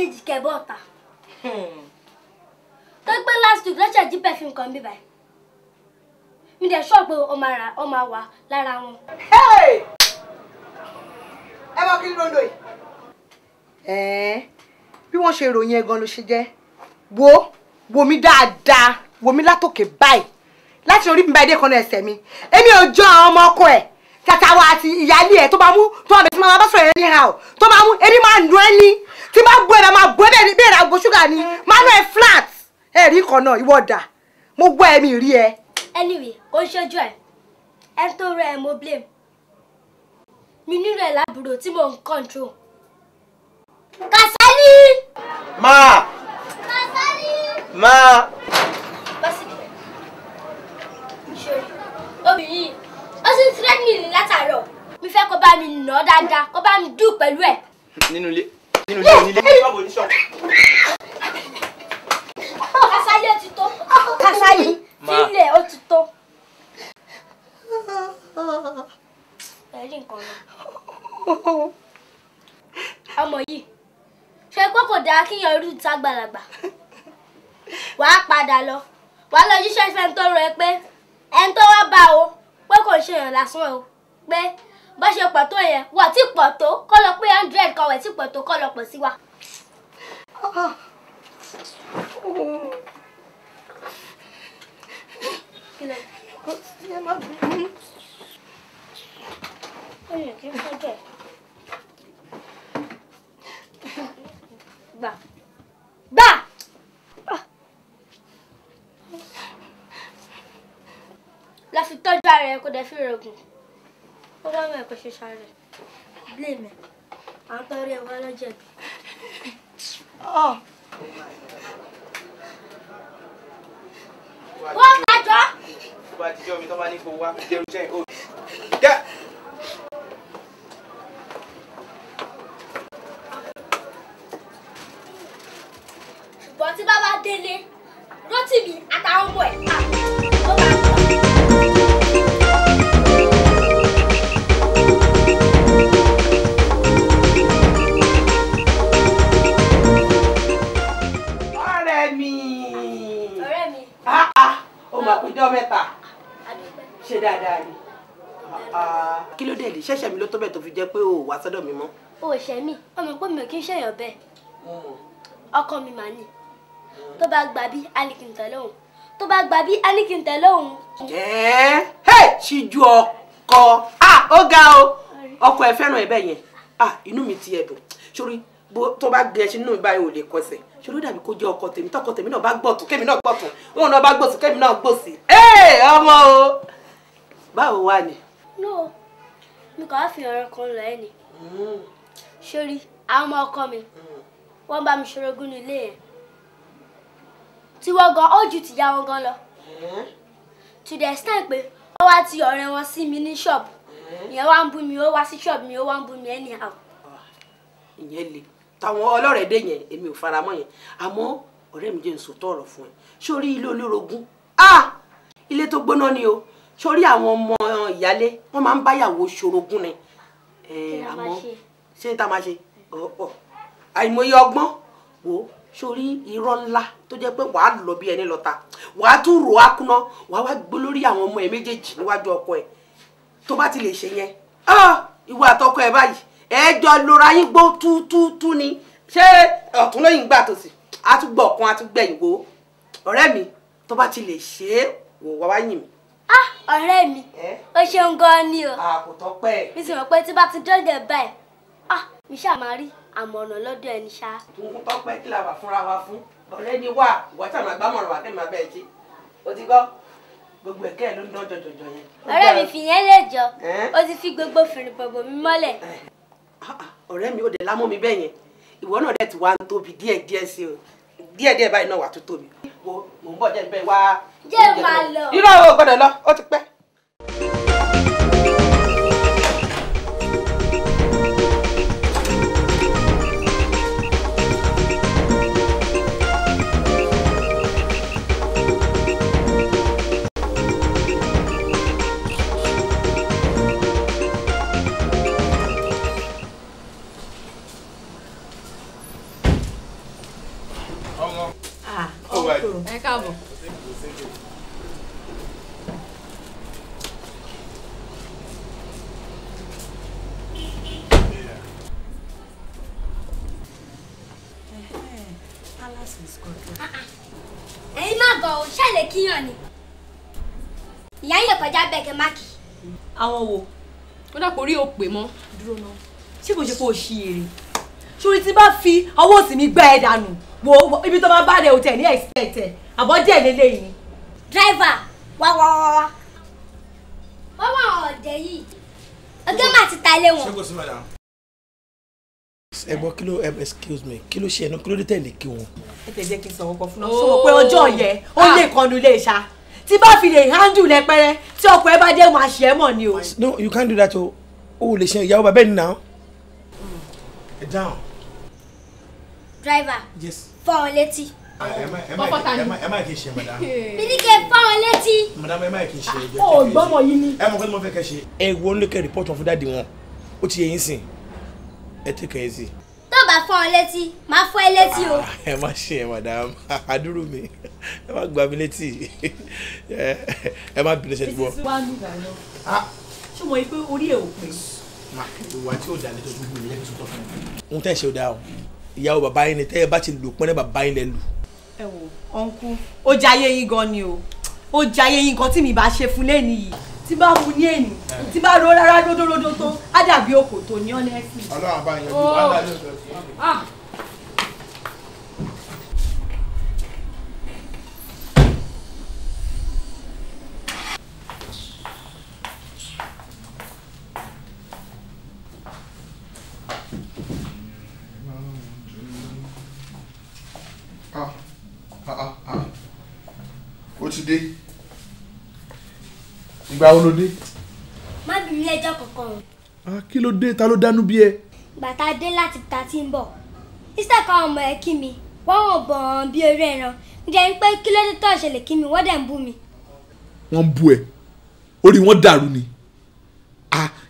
kejì kẹ̀bọ́ ọ̀tà hmm. tó gbé last week lọ́sẹ̀ jí perfume kan bíbá ẹ̀ mi dẹ̀ sọ pé ọ máa wà lára wọn. ẹ máa kí lóńdó yìí. ẹ̀ẹ́ bí wọ́n ṣe ròyìn ẹ̀ gan ló ṣe jẹ́ wo wo mi dáadáa wo mi látòkè báyìí láti orí mi báyìí dé kan ẹsẹ̀ mi èmi ò jọ àwọn ọmọ ọkọ ẹ̀ tata àti ìyáálé ẹ̀ tó bá mú tó bá bẹ̀ máa bá sọ̀rọ̀ ẹni ha ọ̀ tó bá mú ebi máa nù ẹni tí bá bọ́ ẹ̀rọ máa bọ́ ẹ̀rọ bí ẹ̀rọ àgbo ṣúgà ni máa nù ẹ flat ẹ̀ rí kan náà ìwọ dà mo gbọ́ ẹ mi rí ẹ. anyway kò ń ṣojú ẹ ẹ tó rẹ ẹ mo blame mi nílò ẹ lábúrò tí mò ń control. Kasali. Ma. Kasali. Ma. Bá sì bẹ̀rẹ̀. Ṣé obìnrin yìí ti ń thread mi ní látàárọ̀ mi fẹ́ kó bá mi nà ọ́ dáadáa kó bá mi dùn pẹ̀lú ẹ̀. nínú ilé nínú ilé onílé. ṣọ́ọ̀bù ní ṣọ́ọ̀bù. kásáyé ti tó. kásáyé sílẹ̀ ó ti tó. ẹ rí nǹkan lọ. ọmọ yìí ṣe pé kò dáa kíyàn rí ìta gbàlagbà wàá padà lọ wàá lọ jíṣẹ́ fẹ́ tó rọ ẹ pé ẹni tó wá bá o pé kò ń ṣe èèyàn lásán o pé bá ṣe pọ̀ tó yẹn wà tí pọ̀ tó kọ́ lọ pé hundred kan wà tí pọ̀ tó kọ́ lọ pọ̀ sí wa. Gbà. rẹ kó dẹ fi rògùn ó wá mọ̀ ẹ̀kọ́ ṣe ṣàrẹ blé mi à ń tọ́rí ẹ̀ wá lọ́jọ́ bí. Ah. wọ́n gbàjọ́. tó bá ti jọ́ mi tó bá ní kó wá jẹun jẹ́ ìhòòhò. ṣẹ̀ mí ó mọ̀ pé mi ò kí ń ṣèyàn bẹ́ẹ̀ hmm. ọkọ mi mà ní hmm. tó bá gbà bí alikin tẹ̀lé òun tó bá gbà bí alikin tẹ̀lé òun. ẹ ẹ ṣíjú ọkọ ó ga o ọkọ ẹ fẹ́ràn ẹ bẹ́ẹ̀ yẹn inú mi ti ẹ̀dùn sórí tó bá gbé ẹṣin inú mi báyìí ò lè kọsẹ̀ ṣé ló dàbí kó jẹ́ ọkọ tèmi tọkọ tèmi náà bá gbọ̀tún kémi náà gbọ̀tún òun náà bá gbòsùn kémi náà gbòsì. ee ọmọ o báwo wà ní. no mi kò á fi ọ̀rọ̀ kan lọ ẹ́ ni. Hmm sórí àwọn ọmọ ọkọ mi wọ́n bá mi ṣorogún ní ilé yẹn tí wọ́n gan ó ju tìyá wọn gan lọ to the extent pé ó wá ti ọ̀rẹ́ wọn sí mi ní ṣọ́ọ̀bù ìyẹn wá ń bú mi ó wá sí ṣọ́ọ̀bù mi ó wá ń bú mi anyhow. ìyẹn le táwọn ọlọ́rẹ̀ dé yẹn èmi ò fara mọ́ yẹn àmọ́ ọ̀rẹ́ mi jẹ́ n sòótọ́ ọ̀rọ̀ fún ẹ sórí ilé olórogún ah ilé tó gbóná ni o sórí àwọn ọmọ ìyálé wọ́n máa ń báyàwó ṣorogún ni àmọ́. kí ni a máa ṣe ṣé níta máa ṣe ọ̀pọ̀ àìmọye ọgbọ́n wò ó sórí irọ́ ńlá tó jẹ́ pé wàá lọ bí ẹni lọ́ta wàá tún rò á kúná wàá wá gbé lórí àwọn ọmọ ẹ méjèèjì níwájú ọkọ ẹ tó bá ti lè ṣe yẹn ìwọ àtọkọ ẹ báyìí ẹjọ lora yín gbó túútúú ni ṣé ọ̀tún lóyìn gbà tó sì á tún gbọ́ ọ̀kan á tún gbẹ̀yìn wo ọ̀rẹ́ mi tó bá ti lè ṣe é wò wá wá yìn mí ọ̀rẹ́ mi ó ṣeun gan ni o. àpò tọ́pẹ́. mi sì mọ̀ pé tí bá ti dọ́dẹ̀ mi ṣáà máa rí àmọ̀ràn lọ́dọ̀ ẹni ṣá. nǹkan tó pẹ́ kí la wà fúnra wa fún ọ̀rẹ́ ni wà ìwà tí àwọn agbámọ̀ràn wà kí màá bẹ́ẹ̀ jí o ti gbọ́ gbogbo ẹ̀kẹ́ ló ń dán jọjọjọ yẹn. ọ̀rẹ́ mi fìyẹn lè jọ ó ti fi gbogbo fìrìn bọ̀bọ̀ mi mọ́lẹ̀. ọ̀rẹ́ mi ò dé lámú mi bẹ́ẹ̀ yẹn ìwọ náà dẹ̀ ti wá ń tóbi díẹ̀ díẹ̀ sí o díẹ̀ díẹ̀ báyìí náà wà tó tóbi. mo ń bọ̀ jẹ́ bẹ́ẹ̀ wá. jẹ́ máa lọ. irọ́ kó o ṣí ere sórí tí bá fi ọwọ́ òsì mi gbá ẹ dànù wo ibi tó bá bá rẹ o tẹ̀ ní ẹ̀sìtẹ̀tẹ̀ àbọ̀ díẹ̀ lélẹ́yìn dírẹ́fà wá wá wá wá wọ́n wà ọ̀dẹ̀ yìí ọjọ́ máa ti ta ilé wọn. ẹ gbọ́ kí ló ẹ excuse me kí ló ṣe ẹnu kí ló dé tẹ̀lé kí wọn. ẹ tẹ̀ kí n sọ̀rọ̀ kan fún ọ sọ pé oh. ọjọ́ yẹn ó lè kọnu lè ṣá tí bá fi lè handle lẹ́pẹ́rẹ́ tí ọkọ̀ ẹ bá dé máa ṣe é ni o. no you can't do that o o lè ṣe ìyàwó bàbá ẹ̀ nìyàwó down. Driver. Yes. Fáwọn létí. Ah, ẹ má kí n ṣe madam. Mi ní kí ẹ fáwọn Madam ẹ má kí n ṣe ìjọ. Ó ah, gbọ́mọ yín ni. Ẹ mọ̀ kí ni mo fẹ́ kẹ́ ṣe. Ẹ wo ní kẹ́ rìpọ́tù fún dáàdi wọn. Ó ti yẹ yín sìn. Ẹ tẹ́ kẹ́ yín sí. Tó bá fáwọn létí, máa fọ́ ẹ létí o. Ah, ẹ má ṣe ẹ madam, àdúró <laughs> mi. Ẹ má gbà mí létí. <laughs> Ẹ má bínú ṣe ti bọ́. Ṣé mo rí pé orí ẹ̀ ò pè é? ìwà tí ò dá ní tọ́jú gbòòrò yẹn kí n sọ́tọ̀ fún mi. ohun tẹ́ ẹ ṣe ò dáa o ìyàwó bàbá yín ni tẹ́ ẹ bá ti lò pẹ́ẹ́nẹ́ bàbá yín lẹ lù. ẹ wo ọ̀nkú ó jayé yín gan ni o ó jayé yín gan tí mi bá ṣe fún lẹ́ni yìí tí bá mu ní èní tí bá ro rárá ródóródó tó á dàbí òkò ní ọ́nẹ́sì. ọlọ́run àbáyọ Ah, ah, ah, ó ti dé ìgbà wo ló dé. má bínú lẹ́jọ́ kankan o. kí ló dé ta ló dánú bí ẹ. bàtà dé láti ta tí ń bọ̀ sísè kan ọmọ ẹ kí mi wọ́n wọ̀n bọ̀ọ̀n bí eré ẹran jẹ́ ń pé kí ló dé tó ṣẹlẹ̀ kí mi wọ́n dẹ̀ ń bú mi. wọ́n ń bú ẹ orí wọn dàrú ni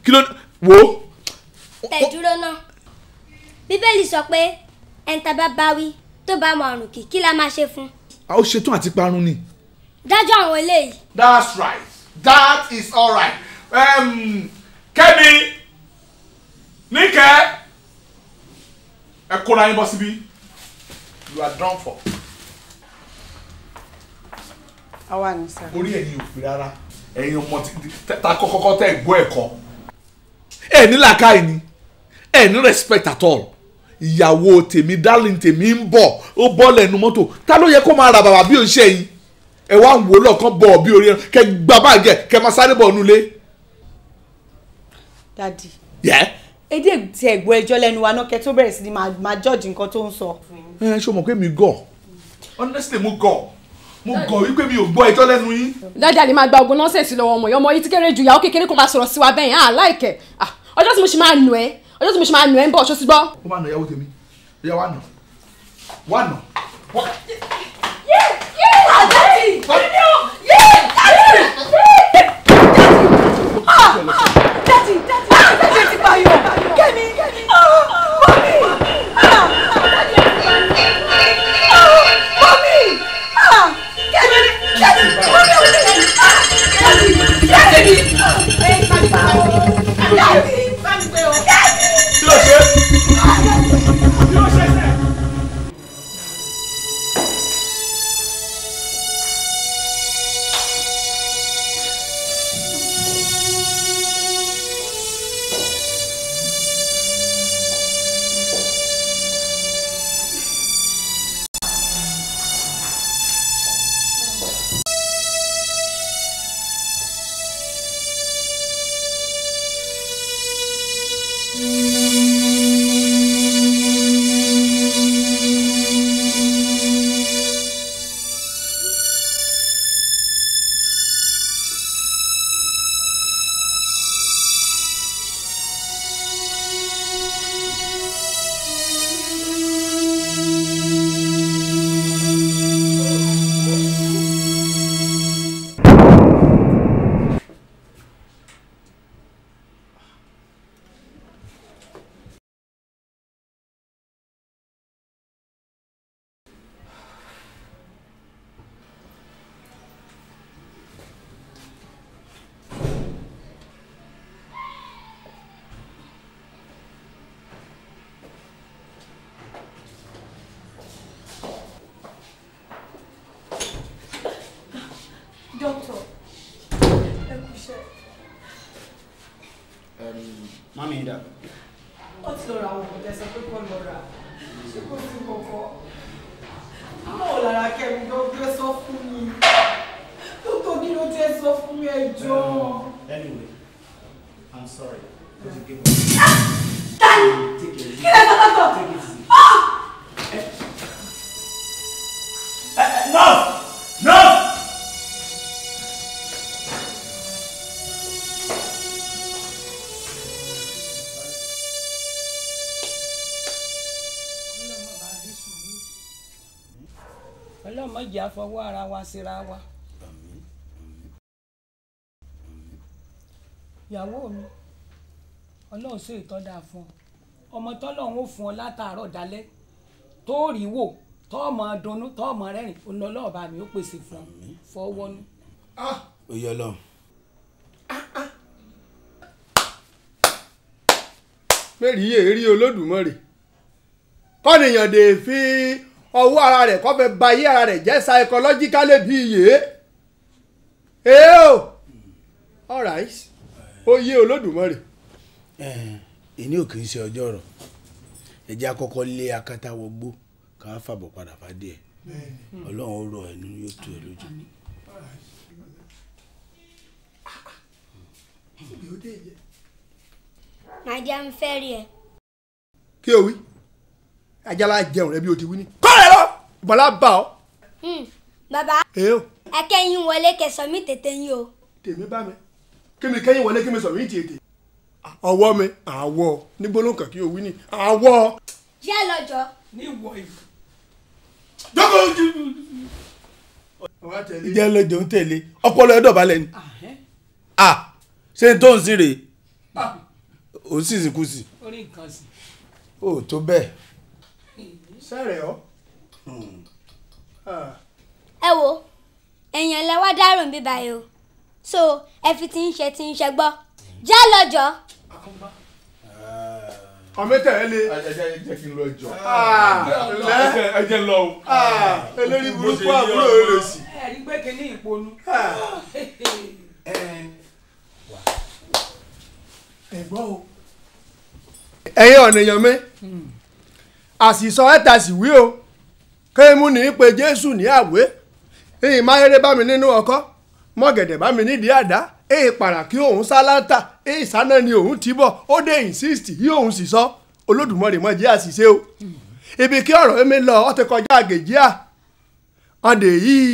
kí ló wò ó. tẹ̀ dúró bíbélì sọ pé ẹ̀ńtà bá bá wí tó bá mọ ọrùn kì kí la máa ṣe fún. a ó ṣetán àti parun ni. dájọ́ àwọn eléyìí. that's right that is all right um, kẹ́mi níkẹ́ ẹ kóra yín bọ́ síbí you are done for. àwa ni sá. orí ẹ̀yin ò fi rárá ẹ̀yin ọmọ ta kọ́kọ́ tẹ̀ gbọ́ ẹ̀kọ́ ẹ̀ ní làákàyè ni ẹ̀ ní respect at all ìyàwó tèmi darling tèmi ń bọ̀ ó bọ́ lẹ́nu mọ́tò ta ló yẹ kó máa ra bàbà bí òṣìṣẹ́ yìí ẹ wá ń wò ó lọ́ọ̀kan bọ̀ bí orí ẹran kẹ gbà báàgẹ̀ kẹ máa sáré bọ̀ nulẹ̀. dadi èdè tí ẹ̀gbọ́n ẹjọ́ lẹ́nu wa náà kẹ tó bẹ̀rẹ̀ sí ni máa jọ́ọ̀jì nǹkan tó ń sọ. ẹ ṣé o mọ̀ pé mi gọ̀ honestly mo gọ̀ mo gọ̀ wípé mi ò gbọ́ ẹjọ́ lẹ́nu yín. dáadáa lè máa gba ogun nọ́ọ̀sẹ̀sì lọ́wọ́ ọmọ yìí ọmọ yìí ti kéré ju ìyàwó kékeré kan máa sọ̀rọ̀ sí wa bẹ́ẹ̀ yẹn àláìkẹ́ ọjọ́ tí mo ṣe máa nù ẹ́ ọjọ́ tí mo ṣe máa nù ẹ́ ń bọ̀ ṣọ́sí gbọ́. ó máa nà ìyàwó tèmi ìyá wa nà wa nà. jẹ́ àfọwọ́ ara wa síra wa. ìyàwó mi ọlọ́run ṣe ìtọ́dà fún ọ ọmọ tọ́lọ́run ó fún ọ látàárọ̀ dalẹ́ tó rí wò tọ́ọ̀mọ̀ dunnú tọ́ọ̀mọ̀ rẹ́rìn olólọ́ọ̀bá mi ó pèsè fún ọ fọwọ́nú. ó yẹ lọ. mẹ́rin yìí èrí olódùmarè kọ́nìyàn dè fi ọwọ́ ara rẹ̀ kọ́ fẹ́ ba ayé ara rẹ̀ jẹ́ psychologically bí iye ee o alright ó yé olódùmarè. ìní ò kì í ṣe ọjọ́ ọ̀rọ̀ ẹ̀jẹ̀ àkọ́kọ́ lé akátá wọgbó ká fàbọ̀ padà fàdé ẹ̀ ọlọ́run ó ẹnu yóò ẹ lójú. fẹ́ rí ẹ. kí o wí ajá la jẹun rẹ o ti wí bọ́lá bá ọ. Hmm, bàbá akẹ́yìn wọlé kẹsàn mi tètè yín o. tèmi bá mi kí mi kẹ́yìn wọlé kí mi sọ̀rọ̀ yín tètè. ọwọ́ mi àwọ̀ nígbóló kan kí o wí ni àwọ̀. yá lọ́jọ́. ní ìwọ ìlú. dọ́kọ̀ ojú. ìjẹ́ lọ́jọ́ ń tẹ̀lé ọpọlọ ẹ̀dọ̀ balẹ̀ ni. ṣé n tó ń sí rèé òun sì sìnkú sí. orí nǹkan sí. ó tó bẹ́ẹ̀. sẹ́rẹ̀ hmm. ọ́ ẹ wo èèyàn lẹ wá dárò ń bí báyìí o so ẹ fi ti ń ṣe ti ń ṣe gbọ́ já lọ́jọ́. ọmọ tẹ ẹ lé. ẹ jẹ́ kí n lọ jọ. Ah, ẹ jẹ́ lọ o. Ah, eléyìí burúkú àbúrò rẹ̀ sí. ẹ rí pé kí ní ìponu. Ah. <laughs> ẹ̀gbọ́n o. ẹ̀yin ọ̀nà èèyàn mi àṣìṣọ ẹ̀ta sì wí o kéémù ní í pe jésù ní àwé ìyìn máyéré bá mi nínú ọkọ́ mọ́gẹ̀dẹ̀ bá mi nídìí àdá èyí pàrà òun sáláńtà èyí sáná ni òun ti bọ̀ ó dé insist yí òun sì sọ olódùmarè mọ̀ jẹ́ àṣìṣe o ibi kí ọ̀rọ̀ mi lọ ọ́ ti kọjá àgèjì à ọ̀dẹ̀ yìí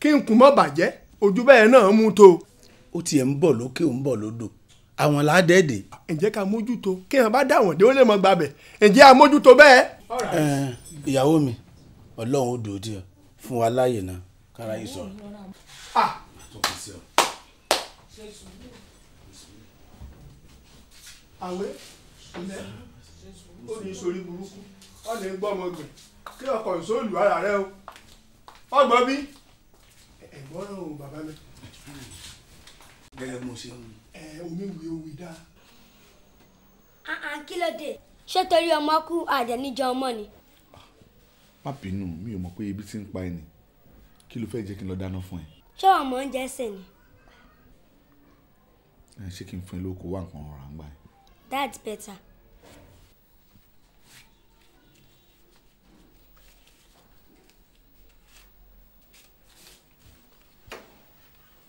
kí n kùn mọ́ bàjẹ́ ojú bẹ́ẹ̀ náà mú tó. ó tiẹ̀ ń bọ̀ lókè ń bọ̀ lódò àwọn ládẹ́ẹ̀dẹ̀. ǹjẹ́ ká mójútó kí wọn bá dà dé ó lè mọ gbàbẹ̀ ǹjẹ́ àmójútó bẹ́ẹ̀. ìyàwó mi ọlọ́run ó dòó díẹ̀ fún wa láàyè náà kára yìí sọ̀rọ̀. Ah! àwẹ̀ ilẹ̀ ó ní sori burúkú ó ní gbọ́mọ gbẹ̀ kí ọkọ̀ ìsóòlù ara rẹ o ọgbọ́n bí ẹ̀gbọ́n náà ò bàbá mi. gẹ́gẹ́ mo ṣe ń. ẹ omi wí owó dáa. Ah, ah, kí ló dé ṣé torí ọmọ kú àjẹ́ níjọ ọmọ ni má bínú mi ò mọ̀ pé ebi ti ń pa ẹni kí ló fẹ́ẹ́ jẹ́ kí n lọ dáná fún ẹ. ṣé wàá mọ oúnjẹ sè ni. ẹ ṣé kí n fún ẹ lóko wá nǹkan ọ̀rọ̀ àǹgbá ẹ. that's better.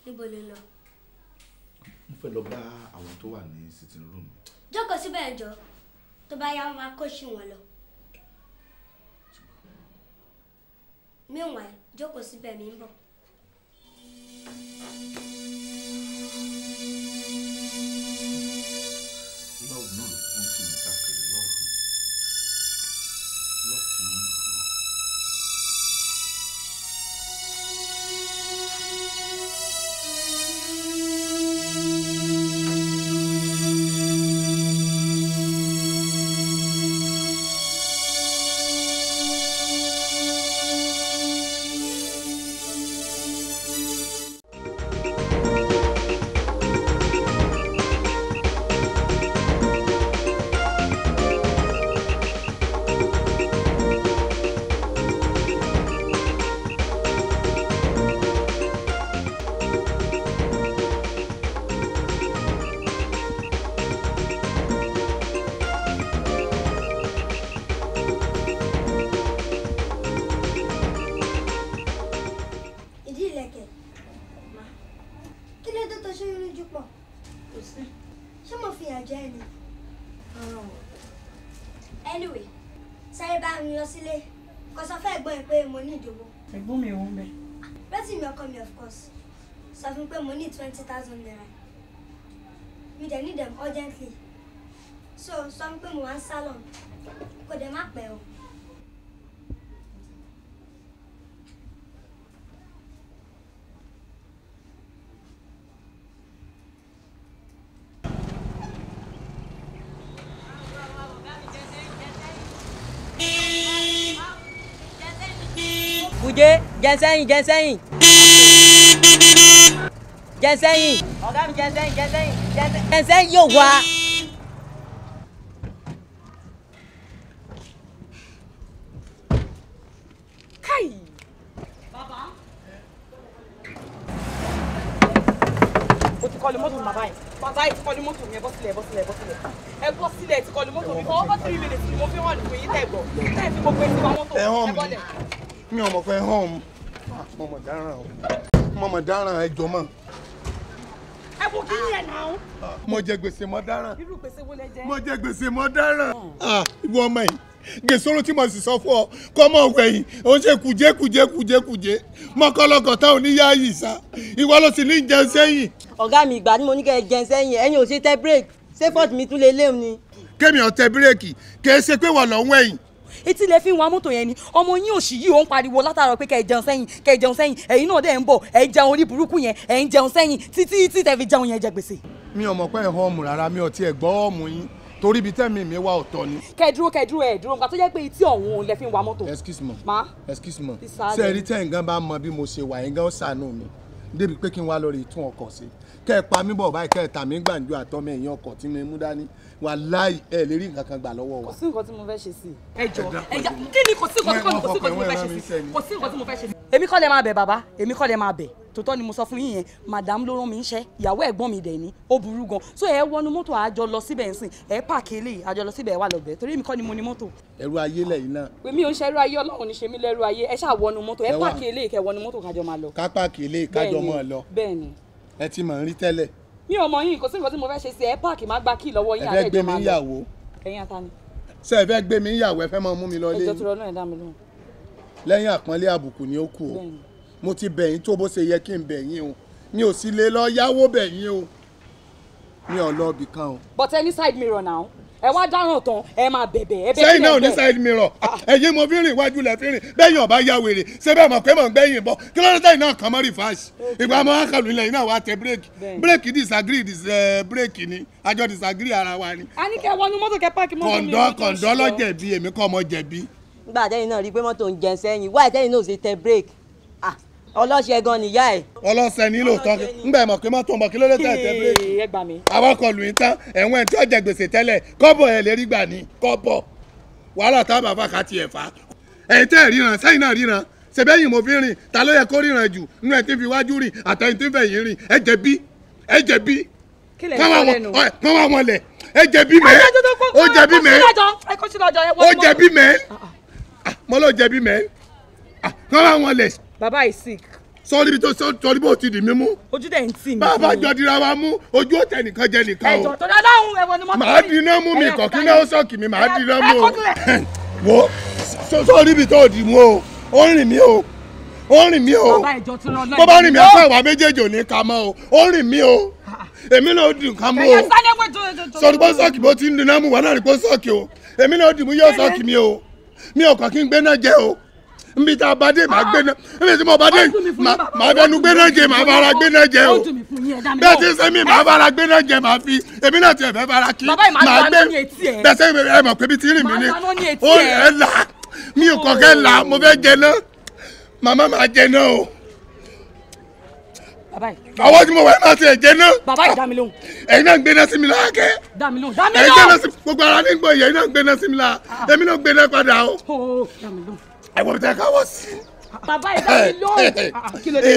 níbo lè lọ. mo fẹ́ lọ bá àwọn tó wà ní sitting room. jókòó síbẹ̀ jọ tó bá yá wọn máa kó sí wọn lọ. mẹ́wàá jókòó síbẹ̀ mi ń twenty thousand naira we dey need them urgently so something pé mo salon Could dé má pẹ́ o. Buje, jẹ́ sẹ́yìn, jẹ́ jẹ́nsẹ́yìn ọ̀gá mi jẹ́nsẹ́yìn jẹ́nsẹ́yìn jẹ́nsẹ́yìn yóò wá. mo jẹ gbèsè mo dáràn mo jẹ gbèsè mo dáràn hmm. ah, ìwọ ọmọ yìí gbèsè oró tí mo sì sọ fún ọ kọ́ mọ̀ wẹ̀yìn òun ṣe kùjé kùjé kùjé kùjé mọ́kànlọ́kọ̀ tá ò ní yá yìí sá ìwọ ló sì ní jẹun sẹ́yìn. ọ̀gá mi ìgbà ni mo ní kẹ́ ẹ jẹun sẹ́yìn ò ṣe tẹ bírèkì ṣé mi tún lè léwu ni. kémi ọ̀tẹ bírèkì kèé ṣe pé wọ́n lọ ń wẹ̀yìn. etí lè fi wọn mọ́tò yẹn ni ọmọ yín òṣì yìí òun pariwo látàrọ pé kẹ́ ẹ jẹun sẹ́yìn kẹ́ ẹ jẹun sẹ́yìn ẹ̀yin náà dẹ̀ ń bọ̀ ẹ̀ ń jẹun orí burúkú yẹn ẹ̀ ń jẹun sẹ́yìn títí títẹ̀ fi jẹun yẹn jẹ gbèsè mi ò mọ̀ pé ẹ̀ họ́ọ̀mù rárá mi ò tiẹ̀ gbọ́ ọ̀mù yín torí ibi tẹ́mi mi wá ọ̀tọ̀ ni. kẹdúró kẹdúró ẹ dúró nǹkan tó jẹ́ pé etí ọ̀hún lẹ fi ń wa mọ́tò. excuse me ma excuse me ṣe ẹ̀rí tẹ́ ǹgan bá mọ bí mo ṣe wà ǹgan ṣàánú mi débi pé kí n wá lọ rí ìtún ọkọ̀ sí kẹ́ ẹ pa mí bọ̀ báyìí kẹ́ ẹ tà mí gbàǹjo àtọ́mọ ẹ̀yìn ọkọ̀ tí mo mú dání wàláhì ẹ lè rí nǹkan kan gbà lọ́wọ́ wa. kò sí nǹkan tí mo fẹ́ ṣe sí i. ẹ jọ ẹ jọ kí ni kò sí nǹkan tí mo fẹ́ ṣe sí i kò sí nǹkan tí mo fẹ́ ṣe sí i. èmi kọ́ lẹ máa bẹ̀ bàbá èmi kọ́ lẹ máa bẹ̀ tòótọ́ ni mo sọ fún yín yẹn madam ló rán mi iṣẹ́ ìyàwó ẹ̀gbọ́n mi dẹ̀ ni ó burú gan so ẹ wọnú mọ́tò àjọ lọ síbẹ̀ nsìn ẹ pààkì eléyìí àjọ lọ síbẹ̀ wà lọ́bẹ̀ torí mi kọ́ ni mo ni mọ́tò. ẹrú ayé lẹ́yìn náà. èmi ò ń ṣe ẹrú ayé ọlọ́run ní ṣe mí lẹ́rú ayé ẹ ṣáà wọnú mọ́tò ẹ pààkì eléyìí kẹ wọnú mọ́tò kájọ máa lọ. ká pààkì eléyìí kájọ máa lọ. bẹ́ẹ̀ni. ẹ ti mọ̀ ń rí tẹ́lẹ̀. mi ò mọ yín kò sí nǹkan tí mo fẹ́ ṣe sí ẹ pààkì má gba kí lọ́wọ́ yín àlẹ́ ìjọba lọ. ṣé ẹ fẹ́ gbé mi ń yàwó ẹ fẹ́ máa mú mi lọ lé. ẹjọ́ lẹ́yìn àpọ́nlé àbùkù ni ó kù o mo ti bẹ̀yìn tó bó ṣe yẹ kí n bẹ̀yìn o mi ò sì lè lọ yáwó bẹ̀yìn o mi ò lọ ibì kan o. but any side mirror now ẹ wá dáràn tán ẹ máa bẹ̀bẹ̀ ẹ bẹ̀rẹ̀ bẹ̀rẹ̀. sẹ́yìn náà ní side mirror ah. ẹ̀yin mo fi rìn iwájú lẹ̀ fi rìn bẹ́yìn ọ̀bá ya wèrè ṣé bẹ́ẹ̀ mọ̀ pé mọ̀ ń gbẹ́yìn bọ̀ kí ló dé sẹ́yìn náà kàn mọ́ rìfáàsì ìgbà mọ́ àkàlù ilẹ̀ yìí náà wá tẹ bírèkì bírèkì disagree bírèkì ni àjọ disagree ara wa ni. a ní kẹ wọnú mọ́tò kẹ páàkì mọ́tò mi. kọ̀ǹdọ́ kọ̀ǹdọ́ lọ́jẹ̀bi èmi kọ́ ọmọ jẹ̀bi. nígbà tẹ́yìn náà rí i pé mọ́tò ń jẹ sẹ́yìn wáyé tẹ́yìn náà ò ṣe tẹ bírèkì ọlọ́ṣẹ́ gan nìyá ẹ̀. ọlọ́ṣẹ́ nílò tán ńbẹ̀ mọ̀ pé mọ́tò mọ̀ kí ló lè tẹ̀ tẹ́ bírèkì. àwọn kọlù yín tán ẹ̀wọ̀n ẹ̀ tí ọ̀jẹ̀ gbèsè tẹ́lẹ̀ kọ́bọ̀ ẹ̀ lérí gbà ní kọ́bọ̀ wàhálà tá a bá fà kàtì ẹ̀ fà. ẹ̀yin tẹ́ ríran sẹ́yìn náà ríran ṣèbẹ́yìn mo fi rìn ta ló yẹ kó ríran jù nínú ẹ̀ tí fi wájú rìn àtẹ̀yìn tí fẹ̀yìn rìn ẹ jẹ̀bi ẹ jẹ̀bi kán wá wọn lẹ̀ ẹ jẹ̀bi mẹ́ ó jẹ̀bi mẹ́ ó jẹ̀bi mẹ́ ah, ah. mo ló bàbá is sick. sọ níbi tó sọ torí bó ti dì mí mú. ojú tẹ̀ ń tì mí. bàbá jọ dira wa mú ojú ó tẹ nìkan jẹ nìkan o. ẹjọ tó dáná òun ẹwọ ni mo ti. màá dínà mú mi kọ̀kí náà ó sọ̀kì mi màá dínà mú o. <laughs> wo sọ níbi tó dì mú o ó rìn mí o ó rìn mí o bó bá rìn mí afọ ìwà méjèèjì ò ní ka mọ o ó rìn mí o èmi náà ó dì nǹkan mú o sọ̀rọ̀ bó sọ̀kì bó ti ń dínà mú wa náà rí bó sọ̀kì o èmi náà ó dì mú yóò sọ̀kì mi o mi ò kàn kí n gbé náà jẹ o nbí tá a bá dé màá gbé náà nbí tí mo bá dé màá fẹnu gbé náà jẹ màá fara gbé náà jẹ o bẹ́ẹ̀ ti sẹ́mi màá fara gbé náà jẹ màá fi èmi náà tiẹ̀ fẹ́ fara kí màá gbé bẹ́ẹ̀ sẹ́mi ẹ mọ̀ pé bí ti rìn mí ni ó ẹ là mi ò kọ̀kẹ́ là mo fẹ́ jẹ náà màmá màá jẹ náà o àwọn tí mo wà máa ti ẹ̀jẹ̀ náà. bàbá yìí dá lóhùn. ẹ̀yin náà ń gbéná sí mi lára kẹ́. dá lóhùn dá lóhùn. ẹ̀yin náà gbéná sí gbogbo ara ní gbọ́ ẹ̀yin náà ń gbéná sí mi lára èmi náà ń ah. gbéná padà o. dá lóhùn ẹ wọ́n mi tẹ́ káwọ́ sí. bàbá ìbáyìí eh, lóògùn eh, ah, ah, kí ló dé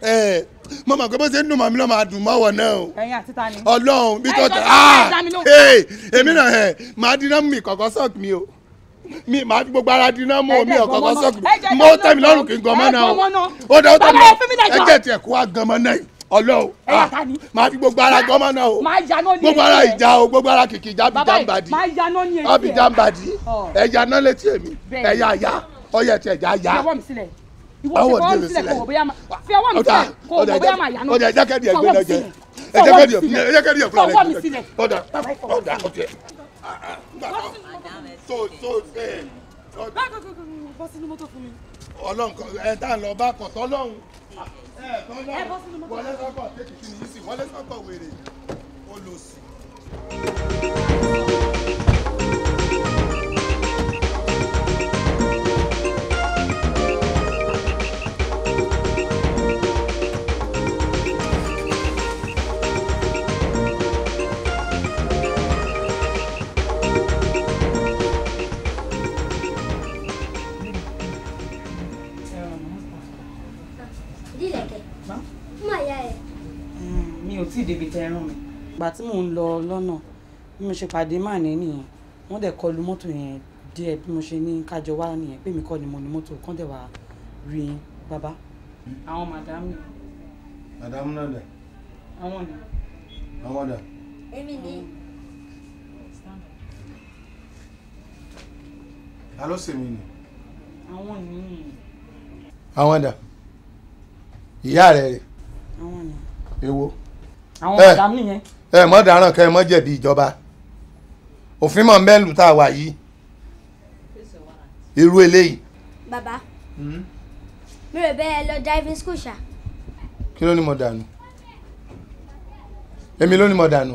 eh, mo mọ̀ pé bó ṣe ń dùn mọ́ mi lọ́ máa dùn mọ́wọ́ náà o. ẹyin àti ta ni. ọlọ́run bí tọ́jà ah èmi náà ẹ̀ máa dín mi kọ̀kọ́ sọ̀k mi o mi máa fi gbogbo ara dín mọ́ mi ọ̀kọ̀kọ́ sọ̀k mi mo tẹ̀mí lọ́rùn kí n gan mọ́ náà o. ó dà ó tẹ̀mí ẹ̀jẹ̀ tiẹ̀ kó wa gan mọ́ náà yìí ọlọ́wọ́ máa fi gbogbo ara gọ́mọ náà o gbogbo ara ìjà o gbogbo ara kìkì ìjà bìjà ń bàdí àbìjà ń bàdí ẹ̀yà náà létí èmi ẹ̀yà àyà ọyẹ ti ẹ̀jà àyà awọ ọdún sílẹ̀ ọdà ọdà ọdà ẹjẹ kẹdì ẹgbẹ náà jẹ ẹjẹ kẹdì ẹjẹ kẹdì ẹfúnra rẹ ọdà ọdà ọtí ẹ so so bẹ́ẹ̀. báyìí kò kò kò bọ́ sínú mọ́tò fún mi. Ọlọ́run ẹ tá à ń lọ bá kọtọ Ọlọ́run ẹ bọ́ sínú mọ́tò. wọlé sábà tètè olùsí. tí ì débi tẹ́ rán mi. ìgbà tí mò ń lọ lọ́nà bí mo ṣe pàdé mà ní nìyẹn wọ́n dẹ̀ kọlu mọ́tò yẹn díẹ̀ bí mo ṣe ní kájọ wá nìyẹn pé mi kọ́ ni mo ní mọ́tò kán dẹ̀ wá rí i bàbá. àwọn màdámù ni. màdámù náà dà. àwọn ni. àwọn dà. èmi ni. alo sèmi ni. àwọn ni. àwọn dà ìyá rẹ àwọn ni. èwo àwọn madam nìyẹn. ẹ mọ dáràn kẹ mọ jẹ̀bi ìjọba òfin mọ mẹlù tá a wà yìí irú eléyìí. bàbá hmm? mi rò bẹ́ẹ̀ lọ driving school ṣá. kí ló ní mo dànù èmi ló ní mo dànù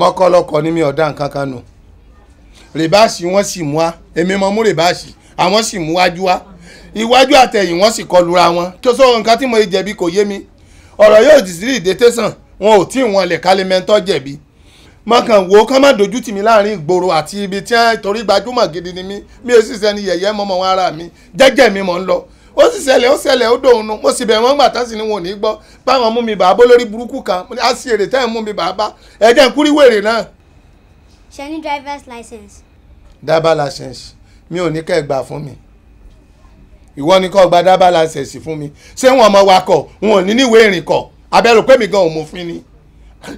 mọ́kọ́lọ́kọ́ ni mi ò dá nǹkan kan nù rìbáàsì wọ́n sì mú wa èmi mo mú rìbáàsì àwọn sì mú wájú wa iwájú àtẹ̀yìn wọ́n sì kọlura wọn kí o sọ nǹkan tí mo jẹ̀bi kò yé mi ọ̀rọ̀ yóò ti sí ìdè tẹ̀sán wọn ò tí ì wọn lè kálí mẹ́ńtọ́ jẹ̀bi mọ̀kàn wo kán má dojú tì mí láàrin ìgboro àti ibi tí wọ́n torí gbajúmọ̀ gidi ni mí mi ò sì sẹ́ni yẹ̀yẹ́ mọ́mọ́ wọn ara mi jẹ́jẹ́ mi mọ̀ ń lọ ó sì ṣẹlẹ̀ ó ṣẹlẹ̀ ó dòun nu mo sì bẹ̀ wọ́n gbà tán sì ni wọn ò ní gbọ́ báwọn mú mi bàá bó lórí burúkú kan á sì èrè tẹ́ ẹ̀ mú mi bàá bá ẹ̀jẹ̀ ń kúrí wèrè náà. ṣe ní driver's license. driver license mi ò ní kẹ́ ẹ gbà fún mi ìwọ ni kò gba dábà fún mi ṣé wọn mọ wakọ̀ wọn ò ní níwèé ìrìn kọ̀ abẹ́rù pé mi gan ò mọ̀fin ni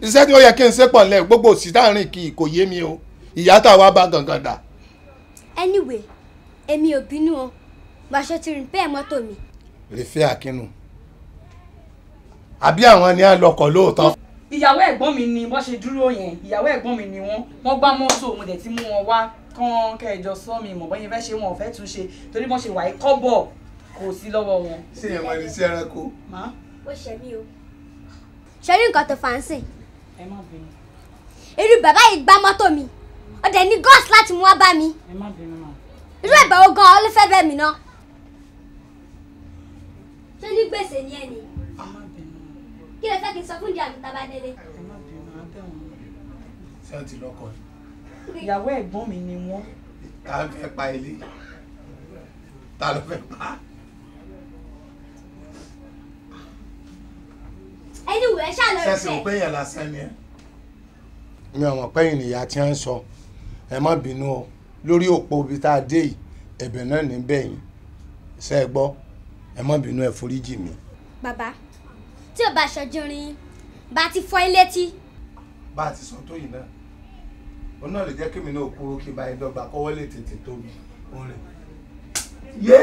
iṣẹ́ tí ó yẹ kí n ṣe pọ̀ nílẹ̀ gbogbo òsì táàrin kì í kò yé mi o ìyá táwa bá gangan dà. anyway èmi ò bínú o gbàṣọ ti rìn bẹ́ẹ̀ mọ́tò mi. rèfé àkínú àbí àwọn ni a lọkọ̀ lóòótọ́. ìyàwó ẹ̀gbọ́n mi ni bó ṣe dúró yẹn ìyàwó ẹ̀gbọ́n mi ni wọ́n wọ́n gbá mọ́tò mo dẹ̀ ti mú wọn wá kan kẹjọ sọ mi mọ̀ bọ́yẹn fẹ́ ṣe wọn ò fẹ́ tún ṣe torí wọ́n ṣe wà í kọ́bọ̀ kò sí lọ́wọ́ wọn. ṣé ẹ máa ní sí ẹranko. ó ṣe mí o. ṣe rí nǹkan tó fà ń sìn. ẹ má bínú. irú bàbá yìí gbá mọ́tò mi ó dẹ̀ ní gọ́ọ̀sì láti mú wá bá mi. ẹ má bínú mà. irú ẹ̀bẹ̀ wo gan-an ló fẹ́ bẹ́ẹ̀ mi ná. ṣé ní gbèsè ni ẹ ní. kí lè fẹ́ kí n sọ fún ìdí àmì tábàdélé. ẹ má bínú àtẹ̀wọ̀n. ṣé àti lọ́kọ̀ọ́ ìyàwó ẹ̀gbọ́n mi ni wọ́n. ta ló fẹ́ pa ilé ta ló fẹ́ pa. ẹni wẹ̀ ṣàlọ́ rẹ̀. sẹ́sìn òpé yẹn lásán ni ẹ. mi ò mọ̀ pé ìnìyà tí ń sọ ẹ má bínú o lórí òpó ibi tá a dé yìí ẹ̀bẹ̀ náà ní bẹ́yìn ṣe é gbọ́ ẹ má bínú ẹ foríjì mi. bàbá tí ò bá ṣojú rin bá ti fọ́ ilé tí. bá a ti sọ tó yìí náà òun náà lè jẹ́ kémi náà kúrò kí báyìí dọ́gba kọ́wọ́ lè tètè tóbi òun rẹ̀. yé.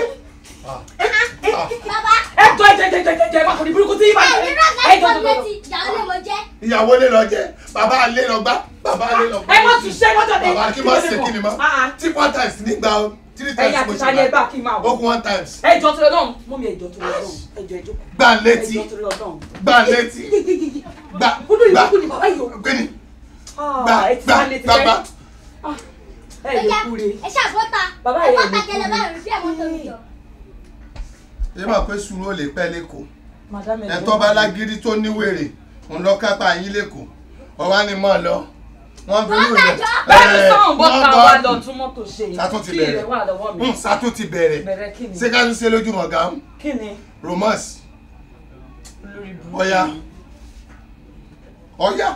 bàbá. ẹ jọ ẹ jẹ jẹ jẹ jẹ ọkùnrin burúkú tí ìbá jẹ. ẹ jọ jọ jọ ìyàwó lè lọ jẹ. ìyàwó lè lọ jẹ bàbá lè lọ gbá bàbá lè lọ gbá. ẹ má tún ṣe mọ́tò dé. bàbá kí má ṣe kí ni mọ́ ah, ah. tí one times nígbà three times mo ṣe bá okun one times. ẹ jọ tó lọ lọhùn mú mi ẹ jọ tó lọ lọhùn ẹ jọ ẹ jókòó. gbà létí gbà létí gbà gbà kí ni. Ah, ba ba ah, ba ba. Eh? ẹ lè kúre ẹ ṣàbọ̀tà ẹ bọ́tà jẹlẹ eh? báyìí fi àwọn tó ń jọ. ṣé mọ̀ pé sùúrù ò lè pẹ́ lẹ́kọ̀ọ́ ẹ tó bá lágírí tó ní wèrè ń lọ kápá yín lẹ́kọ̀ọ́ ọwá ni mọ̀ lọ wọ́n fi yóò lẹ̀ bẹ́ẹ̀ bọ́tà wà lọ tún mọ́tò ṣe sátún hmm, ti bẹ̀rẹ̀ sátún ti bẹ̀rẹ̀ ṣé ká tún ṣe lójú ọ̀gá romance ọ̀yà ọ̀yà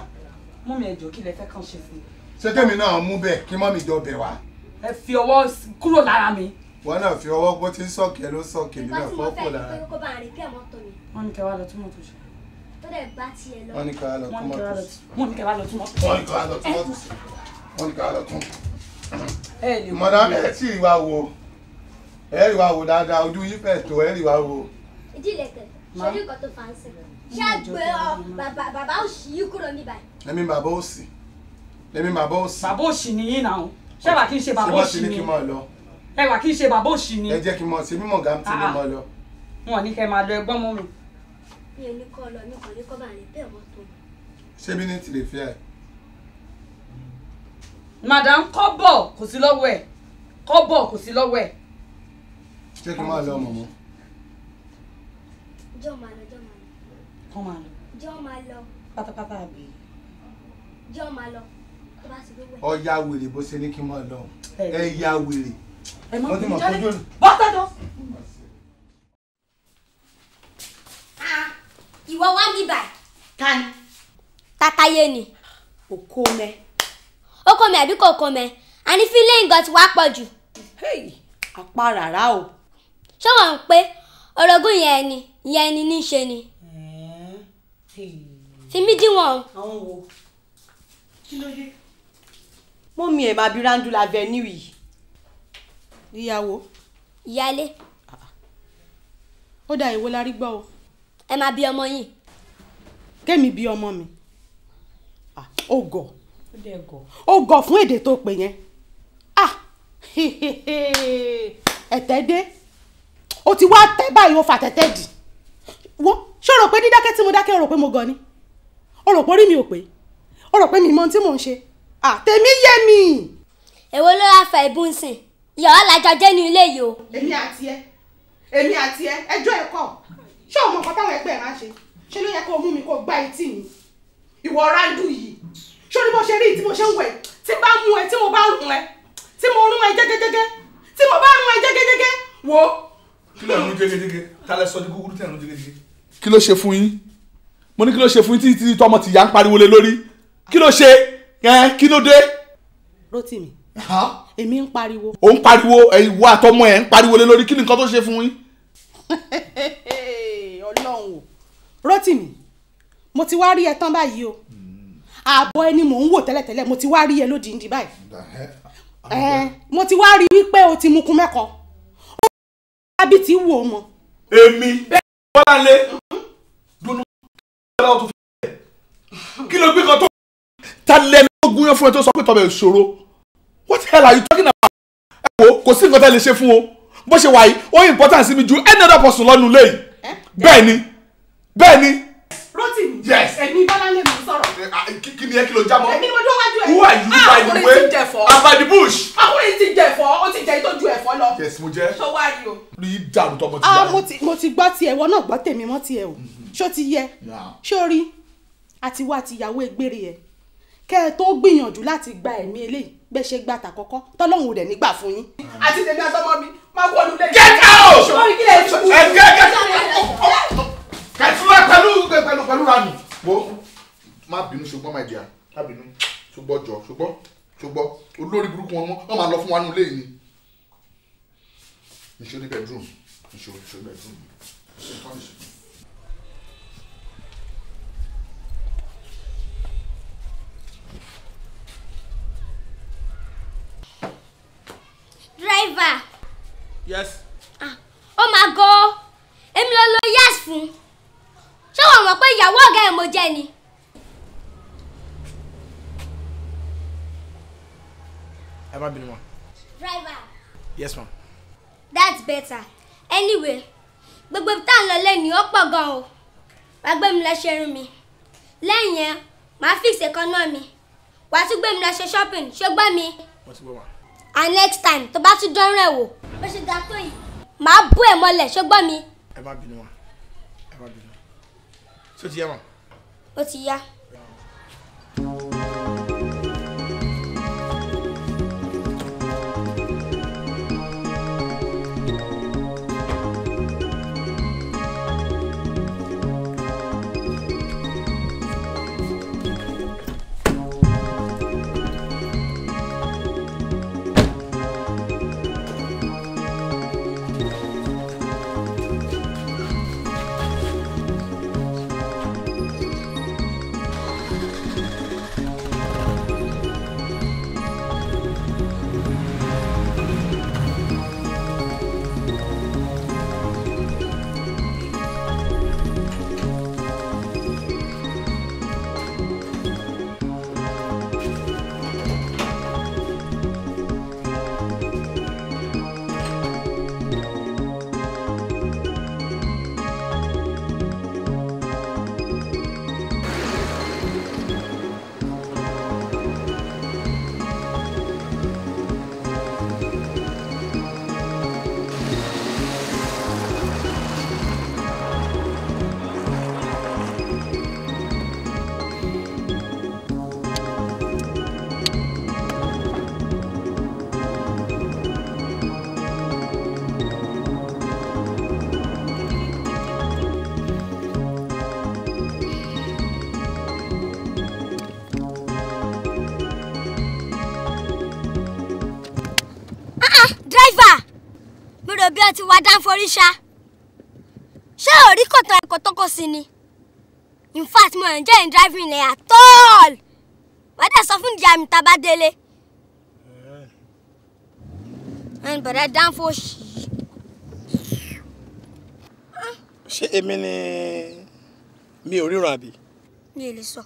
mú mi ẹjọ́ kí lẹ fẹ́ kàn ṣe sí. ṣé kémi náà mú bẹ́ẹ̀ kí mọ́mì jọ bẹ̀ wá. ẹ fi ọwọ́ kúrò lára mi. wọn náà fi ọwọ́ bó ti ń sọ̀kì ẹ ló sọ̀kì èmi náà fọ́ kò lára. wọ́n ní kẹ́ wá lọ túmọ̀ tó ṣe. wọ́n ní kẹ́ wá lọ túmọ̀ tó ṣe. wọ́n ní kẹ́ wá lọ túmọ̀ tó ṣe. wọ́n ní kẹ́ wá lọ túmọ̀ tó ṣe. wọ́n ní tí ì wá wo ẹ̀ rí wa wo dáadáa ojú yín fẹ̀ tó ẹ̀ rí wa wo. ìdílé kẹ̀kẹ́ ṣojú kan tó fà ń sìn ṣàgbé ọ bàbá òsì yìí kúrò níbàá. lẹ́mí bàbá òsì lẹ́mí bàbá òsì. bàbá òsì nìyí náà ṣé wà kí n ṣe bàbá òsì ni ẹ wà kí n ṣe bàbá òsì ni. ẹ jẹ́ kí n mọ̀ ṣe mímọ̀ gà ń tẹ́ mi mọ́ lọ. wọn ò ní kẹ́ máa lọ ẹgbọ́n mú mi. mi ò ní kọ́ lọ mi kò ní kọ́ bá rẹ̀ bẹ́ẹ̀ wọ́n tó. ṣé bí ní tìlẹ̀ fẹ́ ẹ̀. madam kọ́ bọ̀ kò sí lọ́wọ́ ẹ̀ kọ́ bọ̀ kò sí lọ́wọ́ ẹ̀. ṣé kí n máa lọ mọ̀mọ́ jọ máa lọ jọ máa lọ. kọ́ máa lọ. jọ máa lọ. pátápátá àbí. jọ máa lọ tó wèrè bó ṣe ní kí n máa lọ ẹ ya wèrè. ẹ má bínú jálẹ̀ bọ́tà tó. ìwọ wá mi bàí. ta ni. tataye ni. òkò mẹ. ó kọ mi àbí kò kọ mẹ àní fílẹ̀ ǹgàn ti wá pọ̀ jù. apá rárá o. ṣé wọ́n ń pé orogún yẹn ni ìyá ẹni níṣe ni. fimi dín wọn. àwọn wo kí ló dé. mọ́mí ẹ̀ máa bí rándúlà avenue yìí. ìyàwó. ìyálé. ó dà ìwo la rí gbọ́ o. ẹ máa bí ọmọ yín. kémi bí ọmọ mi ó gọ̀ ó gọ̀ fún èdè tó pè yẹn ẹ̀tẹ́ dé ó ti wá tẹ́ báyìí ó fà tẹ́tẹ́ dì wo ṣé o rò pé dídákẹ́ tí mo dákẹ́ o rò pé mo gan ni o rò pé orí mi ò pé o rò pé mi mọ ohun tí mò ń ṣe àtẹ̀mí yé mi. èwo ló ra fa ìbú nsìn ìyàwó alájà jẹ́ ní ilé yìí o. èmi àti ẹ èmi àti ẹ ẹjọ́ ẹ kọ̀ ṣé o mọ nǹkan táwọn ẹgbẹ́ máa ṣe ṣé ló yẹ kó o mú mi kó o gbá etí mi ìwọ rándù yìí ṣé o ní bó ṣe rí tí mo ṣe ń wẹ̀ tí bá mú ẹ tí mo bá rún ẹ tí mo rún ẹ jẹ́gẹ́jẹ́gẹ́ tí mo bá rún ẹ jẹ́gẹ́jẹ́gẹ́ wò. kí ló ń mú jẹ́gẹ́jẹ́gẹ́ tá a lè tí à ń mú jẹ́gẹ́jẹ́gẹ́ kí ló ṣe fún yín mo ní kí ló ṣe fún yín títí tọmọ tìyá ń pariwo lé lórí kí ló ṣe ẹ kí ló dé. Rótìmí èmi ń pariwo. ò ń pariwo ìwọ àtọmọ ẹ ń pariwo lé lórí kí ni nǹkan tó ṣe fún yín. <laughs> Ọlọ́run o Rótìmí mo ti wá rí ẹ tán báyìí o ààbọ̀ ẹni mò ń wò tẹ́lẹ̀tẹ́lẹ̀ mo ti wá rí ẹ lódìndín báyìí ẹ mo ti wá rí wípé o ti mukun mẹ́kọ̀ọ́ ó bí ti wù ó mọ. èmi bọ́láńlé dunu what hell are you talking about. ẹ wo kò sí nǹkan tá a lè ṣe fún o bó ṣe wà yìí ó important sí mi ju another person lọ́nu lẹ́yìn eh? bẹ́ẹ̀ ni bẹ́ẹ̀ ni. Rotimi. yes. èmi bọ́láńlé mi sọ̀rọ̀. kí ni ẹ kí ló jábọ̀. èmi ni wájú ẹ. who are you by the way. akúrin ti jẹ̀fọ́. abba the bush. akúrin ti jẹ̀fọ́ ó ti jẹ́ ìtọ́jú ẹ̀fọ́ lọ. yes mo jẹ́. sọ wá rí o. rí i dàrú tọmọ ti dàrú. mo ti gbọ́ tiẹ̀ wọ náà gbọ́ tèmi mọ́ tiẹ̀ o ṣó ti yẹ ṣó rí àti wá ti ìyàwó egbére yẹ kẹ́ ẹ tó gbìyànjú láti gba ẹ̀mí eléyìí bẹ́ ṣe gbà tà kọ́kọ́ tọ́lọ́hún rẹ̀ nígbà fún yín. àti tèmi àtọmọ mi máa wọnú lẹ́yìn. get out. ẹ gẹ́gẹ́ kẹfúwa pẹ̀lú pẹ̀lú pẹ̀lú rami. wo má bínú ṣùgbọ́n my dear má bínú ṣùgbọ́n jọ ṣùgbọ́n ṣùgbọ́n olórí burúkú wọn wọn máa lọ fún wa nínú ilé yìí ni ìṣòro bedroom ìṣòro ìṣòro bedroom driver. yes. ah ó máa gọ èmi ló lo yes fún ṣé wọ́n mọ̀ pé ìyàwó ọ̀gá ẹ̀ mo jẹ́ ni. ẹ má bínú ma. driver. yes ma'am. that's better anyway gbogbo ibi tá à ń lọ lẹ́nu ó pọ̀ gan-an o wàá gbé mi lọ ṣe irun mi lẹ́yìn yẹn màá fix èékánná mi wàá tún gbé mi lọ ṣe shopping ṣùgbọ́n mi. mo ti gbọ́ wa. and next time tó bá tún dánrẹ́ wò bó ṣe ga tó yìí màá bú ẹ̀ mọ́lẹ̀ ṣùgbọ́n mi. ẹ má bínú wa. 不接吗？不接呀。ń forí ṣá ṣé orí kọ̀tàn ẹ̀kọ́ tọ́kọ sí ni in fact mo enjoy in driving ẹ̀ at all wọ́n dẹ̀ sọ fún ìyá mi tá a bá délé ẹni bẹ̀rẹ̀ dáńfó ṣì. ṣé èmi ni mi ò ríran àbí. mi ò lè sọ.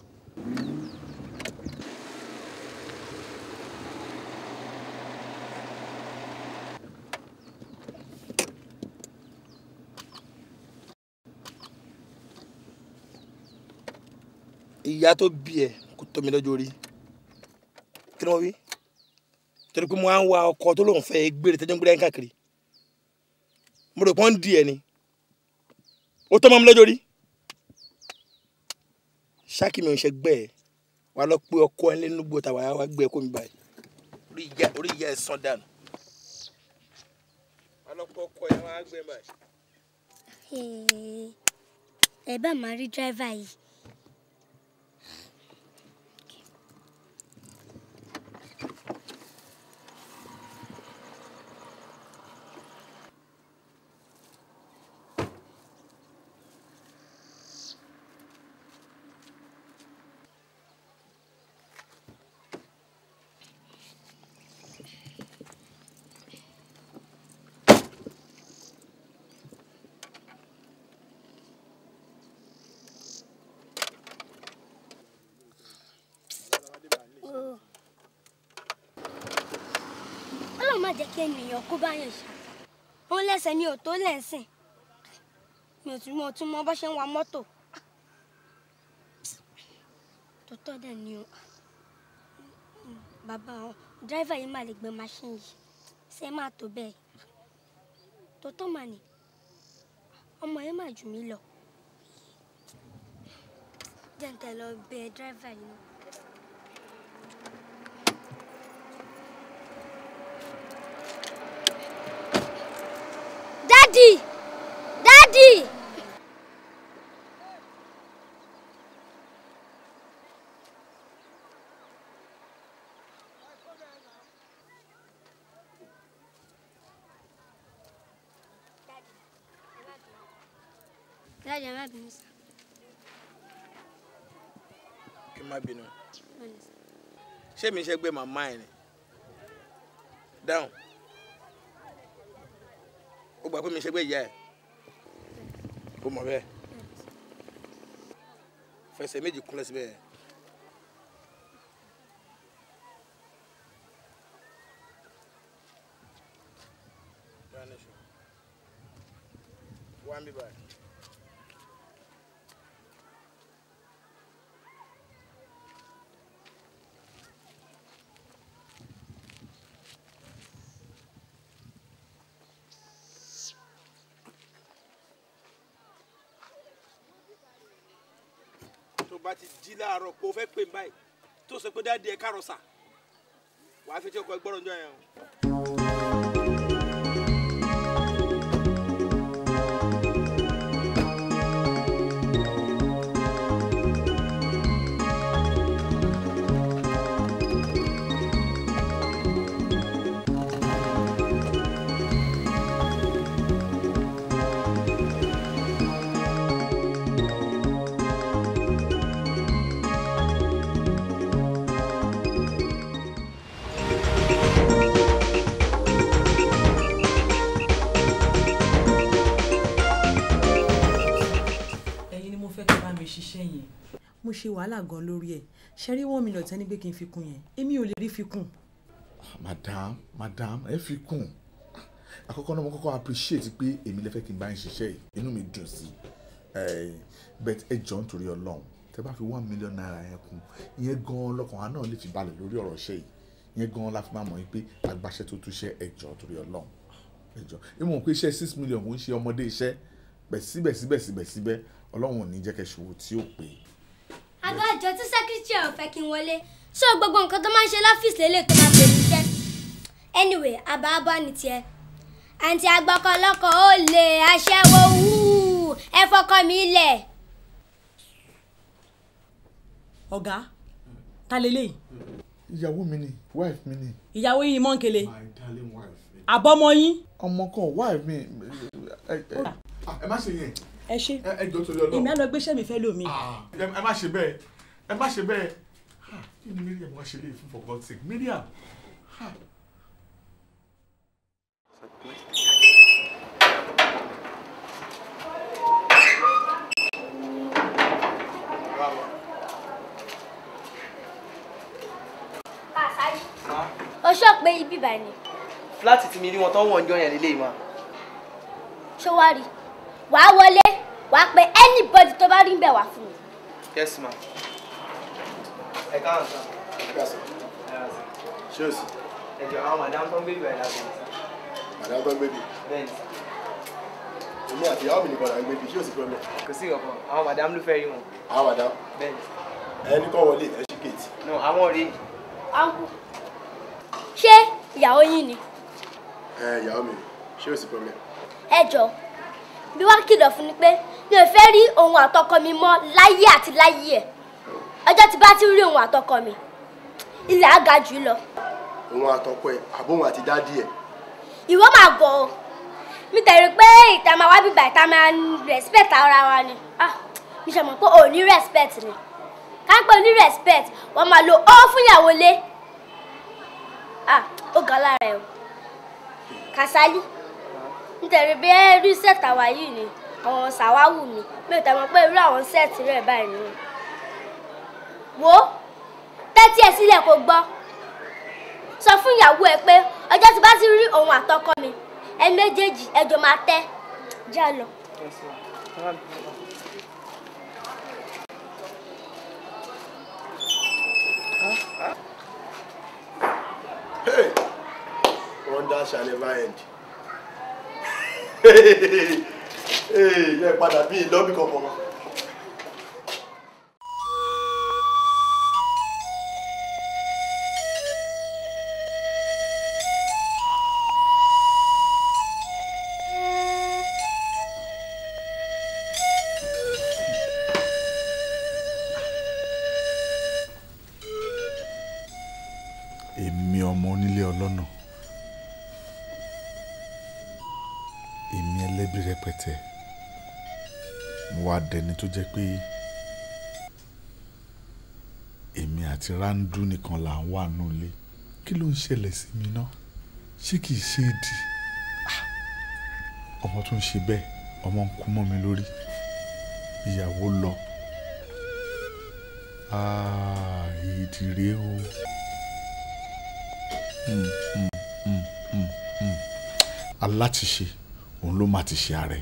ìyá tó bí ẹ kò tó mi lọ́jọ́ orí kí ni wọ́n wí torí pé mo máa ń wa ọkọ tó lóun fẹ́ gbére tẹ́jọ́ ń gbére káàkiri mo rò pé wọ́n ń di ẹ ni ó tọ́ mọ́ mi lọ́jọ́ orí ṣáàkì mi ò ń ṣe gbẹ́ ẹ wà lọ pé ọkọ ẹ lé núgbò tàwa wá gbé ẹ kó mi báyìí orí ìyá ẹ sàn dànù wà lọ pé ọkọ ẹ wá gbé ẹ báyìí. ẹ bá máa rí dírẹ́fà yìí kí ènìyàn kó báyẹn ṣá òun lẹ́sẹ̀ ni ò tó lẹ́sìn mi ò tún mọ tún mọ bó ṣe ń wa mọ́tò tó tọ́ dẹ̀ ni o bàbá ọ dírẹ́fà yìí mà lè gbé machine yìí ṣe é máa tó bẹ́ẹ̀ tó tọ́ mà ní ọmọ yẹn mà jù mí lọ jẹ́ lọ bẹ dírẹ́fà yìí Dáàdì ẹ má bínú sá. Kí n má bínú. Ṣé mi ṣe gbé màmá ẹ̀ ni? Dáhùn. Ó gbà pé mi ṣe gbé ìyá ẹ̀. Ó mọ̀ bẹ́ẹ̀. Fẹsẹ̀ méjì kúnlẹ̀ síbẹ̀ yẹn. láàárọ̀ pé o fẹ́ pè mí báyìí tó sọ pé dáadé ẹ kárọ̀ sà wàá fi tí ọkọ̀ ẹ gbọ́dọ̀ ń jọ yẹn o. mo ṣe wàhálà gan lórí ẹ̀ ṣe rí one million tẹ́ni pé kí n fi kún yẹn èmi ò lè rí fi kún. Ah, madam madam ẹ fi kún àkọ́kọ́ náà mo kọ́kọ́ appreciate pé èmi lè fẹ́ kí n bá ń ṣiṣẹ́ yìí inú mi dùn sí i eh, but ẹ jọ̀ọ́ nítorí ọlọ́run tẹ bá fi one million naira yẹn kún ìyẹn gan-an lọ́kàn wa náà lè fi balẹ̀ lórí ọ̀rọ̀ ṣẹ́ yìí ìyẹn gan-an la fi máa mọ̀ yín pé agbáṣẹ́ tó tún ẹ jọ̀ọ́ nítorí ọlọ́run ẹ jọ̀ọ́ ìmọ̀ pé iṣẹ́ six million kò ń ṣe ọmọdé iṣẹ́ bẹ̀ síbẹ̀ síbẹ̀ síbẹ̀ síbẹ̀ ọlọ́run ò ní jẹ́ kẹ́ ṣòwò tí ó pé àgbájọ tí sẹ́kítì ọ̀hún fẹ́ kí n wọlé ṣó gbogbo nǹkan tó máa ń ṣe lọ́fíìsì lélẹ̀ tó máa pèsè iṣẹ́ anyway àbábá ni tiẹ̀ àǹtí agbọ́kọ ọlọ́kọ ó lè aṣẹ́wó wú ẹ fọkọ mi lẹ̀. ọ̀gá ta lélẹ́yìí. ìyàwó mi ni wife mi ni. ìyàwó yìí mọ̀ ń my darling wife. àbọ̀mọ yín. ọmọ kan wife mi. Ah, ẹ má ṣe yẹn ẹ ṣe èmi á lọ gbéṣẹ́ mi fẹ́ lómi. Ah, ẹ má ṣe bẹ́ẹ̀ ẹ má ṣe bẹ́ẹ̀ ah, kí ni Miriam wá ṣe lè fún for God's sake Miriam. o ah. sọ pé ibi báyìí ni. fúláàtì tí mi rí wọn tán wọ̀ ń jọ yẹn lélẹ́yìí mà. ṣé wàá rí wàá wọlé wàá pe anybody to bá rí ń bẹ̀ wá fún yes ma ẹ káwọn sọ. ṣé o sì. ẹ jọ àwọn madam tó ń gbé ibà ìlànà. madam tó ń gbé bi. bẹ́ẹ̀ni. èmi àti ìyàwó mi nìkan là ń gbé bi ṣé o sì problem. kò sí ìkọ̀kan àwọn madam ló fẹ́ rí wọn. àwọn madam. bẹ́ẹ̀ni. ẹni kọ́ wọlé ẹ̀ ṣí no àwọn ọ̀rẹ́ yìí. ṣé ìyàwó yín ni. Eh, ìyàwó mi ṣé o sì problem. ẹ jọ bí wàá kìlọ̀ fún ni pé mi ò fẹ́ rí òun àtọkọ mi mọ́ láyé àti láyé ẹ̀ ọjọ́ ti bá ti rí ohun àtọkọ mi ilẹ̀ á jù lọ. ohun àtọkọ ẹ àbóhun àti dádì ẹ. ìwọ máa gọ o mi tẹ̀rí pé ìta máa wá bíbá ìta máa ń respect ara wa ni ah, mi ṣe mọ̀ pé ò ní respect ni ká pé ní respect wọ́n máa lo ọ́ fún ìyàwó lé ah, ó ga lára ẹ̀ o Kàsálí nítorí bí ẹ rí sẹ́tà wá yìí ni. àwọn sàwáwù mi mi ò tẹ̀mọ́ pé irú àwọn sẹ́ẹ̀tì rẹ̀ báyìí nù. wo tẹ́tí ẹ̀ sílẹ̀ kó gbọ́ sọ fún ìyàwó ẹ pé ọjọ́ tí bá ti rí òun àtọkọ mi ẹ méjèèjì ẹjọ́ máa tẹ́ já lọ. Hey, wonder shall never end. <laughs> ee yẹ padà bí ìlọ́bì kankan mọ́. dẹni tó jẹ́ pé èmi àti Rándú nìkan là ń wà nílé kí ló ń ṣẹlẹ̀ sí mi náà ṣé kìí ṣe èdì ọmọ tó ń ṣe bẹ́ẹ̀ ọmọ ń kú mọ́ mi lórí ìyàwó lọ èdì rèé o hmm, hmm, hmm, aláti ṣe òun ló má ti ṣe ààrẹ.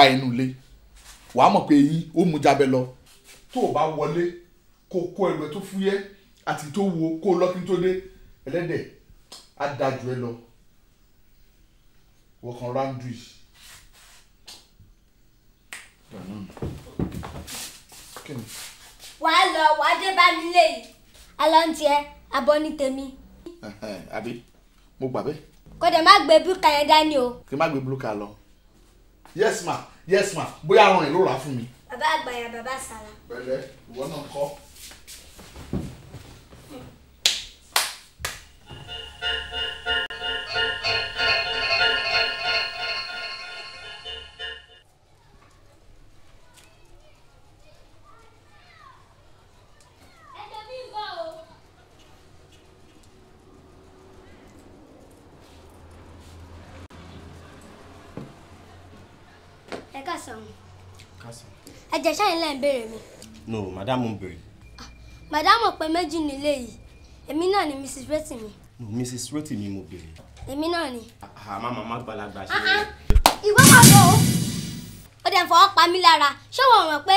bá inú ilé wàá mọ̀ pé eyín ó mú jabẹ lọ tó o bá wọlé kó o kó ẹrù ẹ tó fúyẹ́ àti tó wo kó o lọ́kí tó dé ẹlẹ́dẹ̀ á dájú ẹ lọ wọ́n kan ráńdù yìí. wàá lọ wàá dé bá mi lé yìí alọ́ntiẹ abọ́ ní tèmi. àbí mo gbà bẹ́ẹ̀. kò dé má gbé búkà yẹn dání o. kí n má gbé búkà lọ yes ma yes ma bóyá àwọn ìlú rà fún mi. bàbá àgbàyà bàbá sàlá. bẹ̀rẹ̀ ìwọ náà kọ́. ẹ káàsán. káàsán. ẹ jẹ́ ṣáà lẹ́yìn béèrè mi. no madam ń béèrè. Ah, madam ọ̀pẹ méjì nílé yìí èmi náà ni mrs Rotimi. no mrs Rotimi mo béèrè. èmi náà ni. àmà ah, ah, màmá gbalagbà ṣe. ìwé máa bọ̀ o ó dẹ̀ ń fọwọ́ pa mí lára ṣé wọ́n mọ̀ pé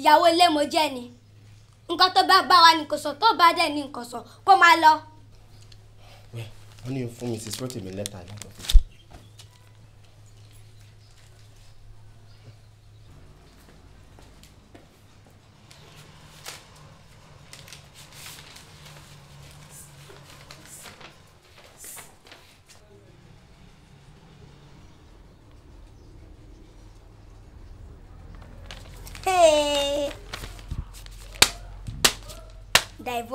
ìyàwó ilé mo jẹ́ ni nǹkan tó bá bá wa ní kò sọ tó bá dẹ̀ ní nǹkan sọ kó máa lọ. wẹ́ẹ̀ wọ́n ní fún mrs Rotimi lẹ́tà látọ̀ fún mi.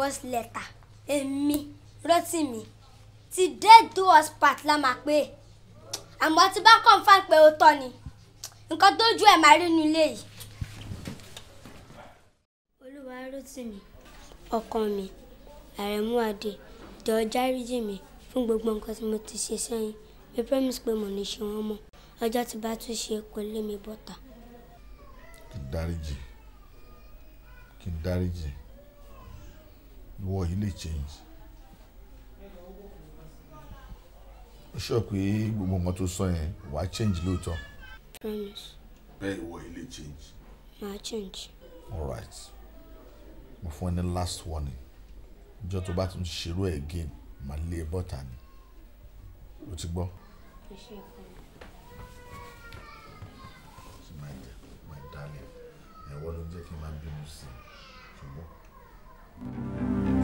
us letter èmi Rotimi ti dead do us part la máa pé àmọ́ tí bá confam pé ó tọ́ ni nǹkan tójú ẹ̀ máa rí nu ilé yìí. olúwa Rotimi ọkọ mi àrẹ̀mú adé jọ̀ọ́ járíjì mi fún gbogbo nǹkan tí mo ti ṣe sẹ́yìn mi promise pé mo ní ṣe wọ́n mọ́ ọjọ́ tí bá tún ṣe kò lé mi bọ́ta. kí n dáríjì kí n dáríjì ìwọ yìí change ó sọ pé gbogbo nǹkan tó sọ yẹn wà á change lóòótọ́. promise. bẹ́ẹ̀ ìwọ yìí change. màá change. alright mo fún ẹ ní last warning ọjọ́ tó bá tún ṣerú ẹ̀ again màá lé ẹ bọ́ta ni o ti gbọ́. ẹ my darling ẹ wọ́n ló jẹ́ kí n máa bínú sí i. Thank you.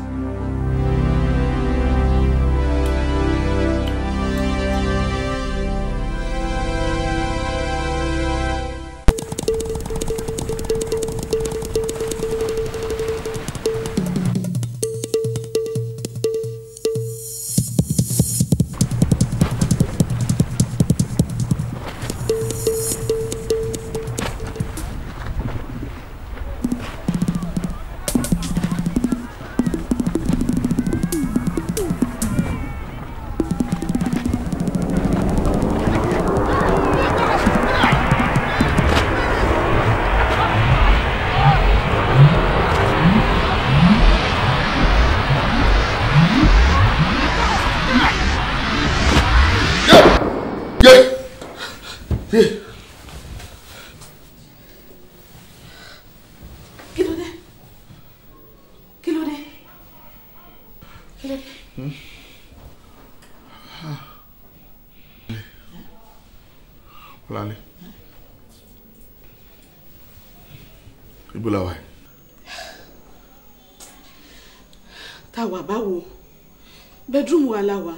wàhálà wa.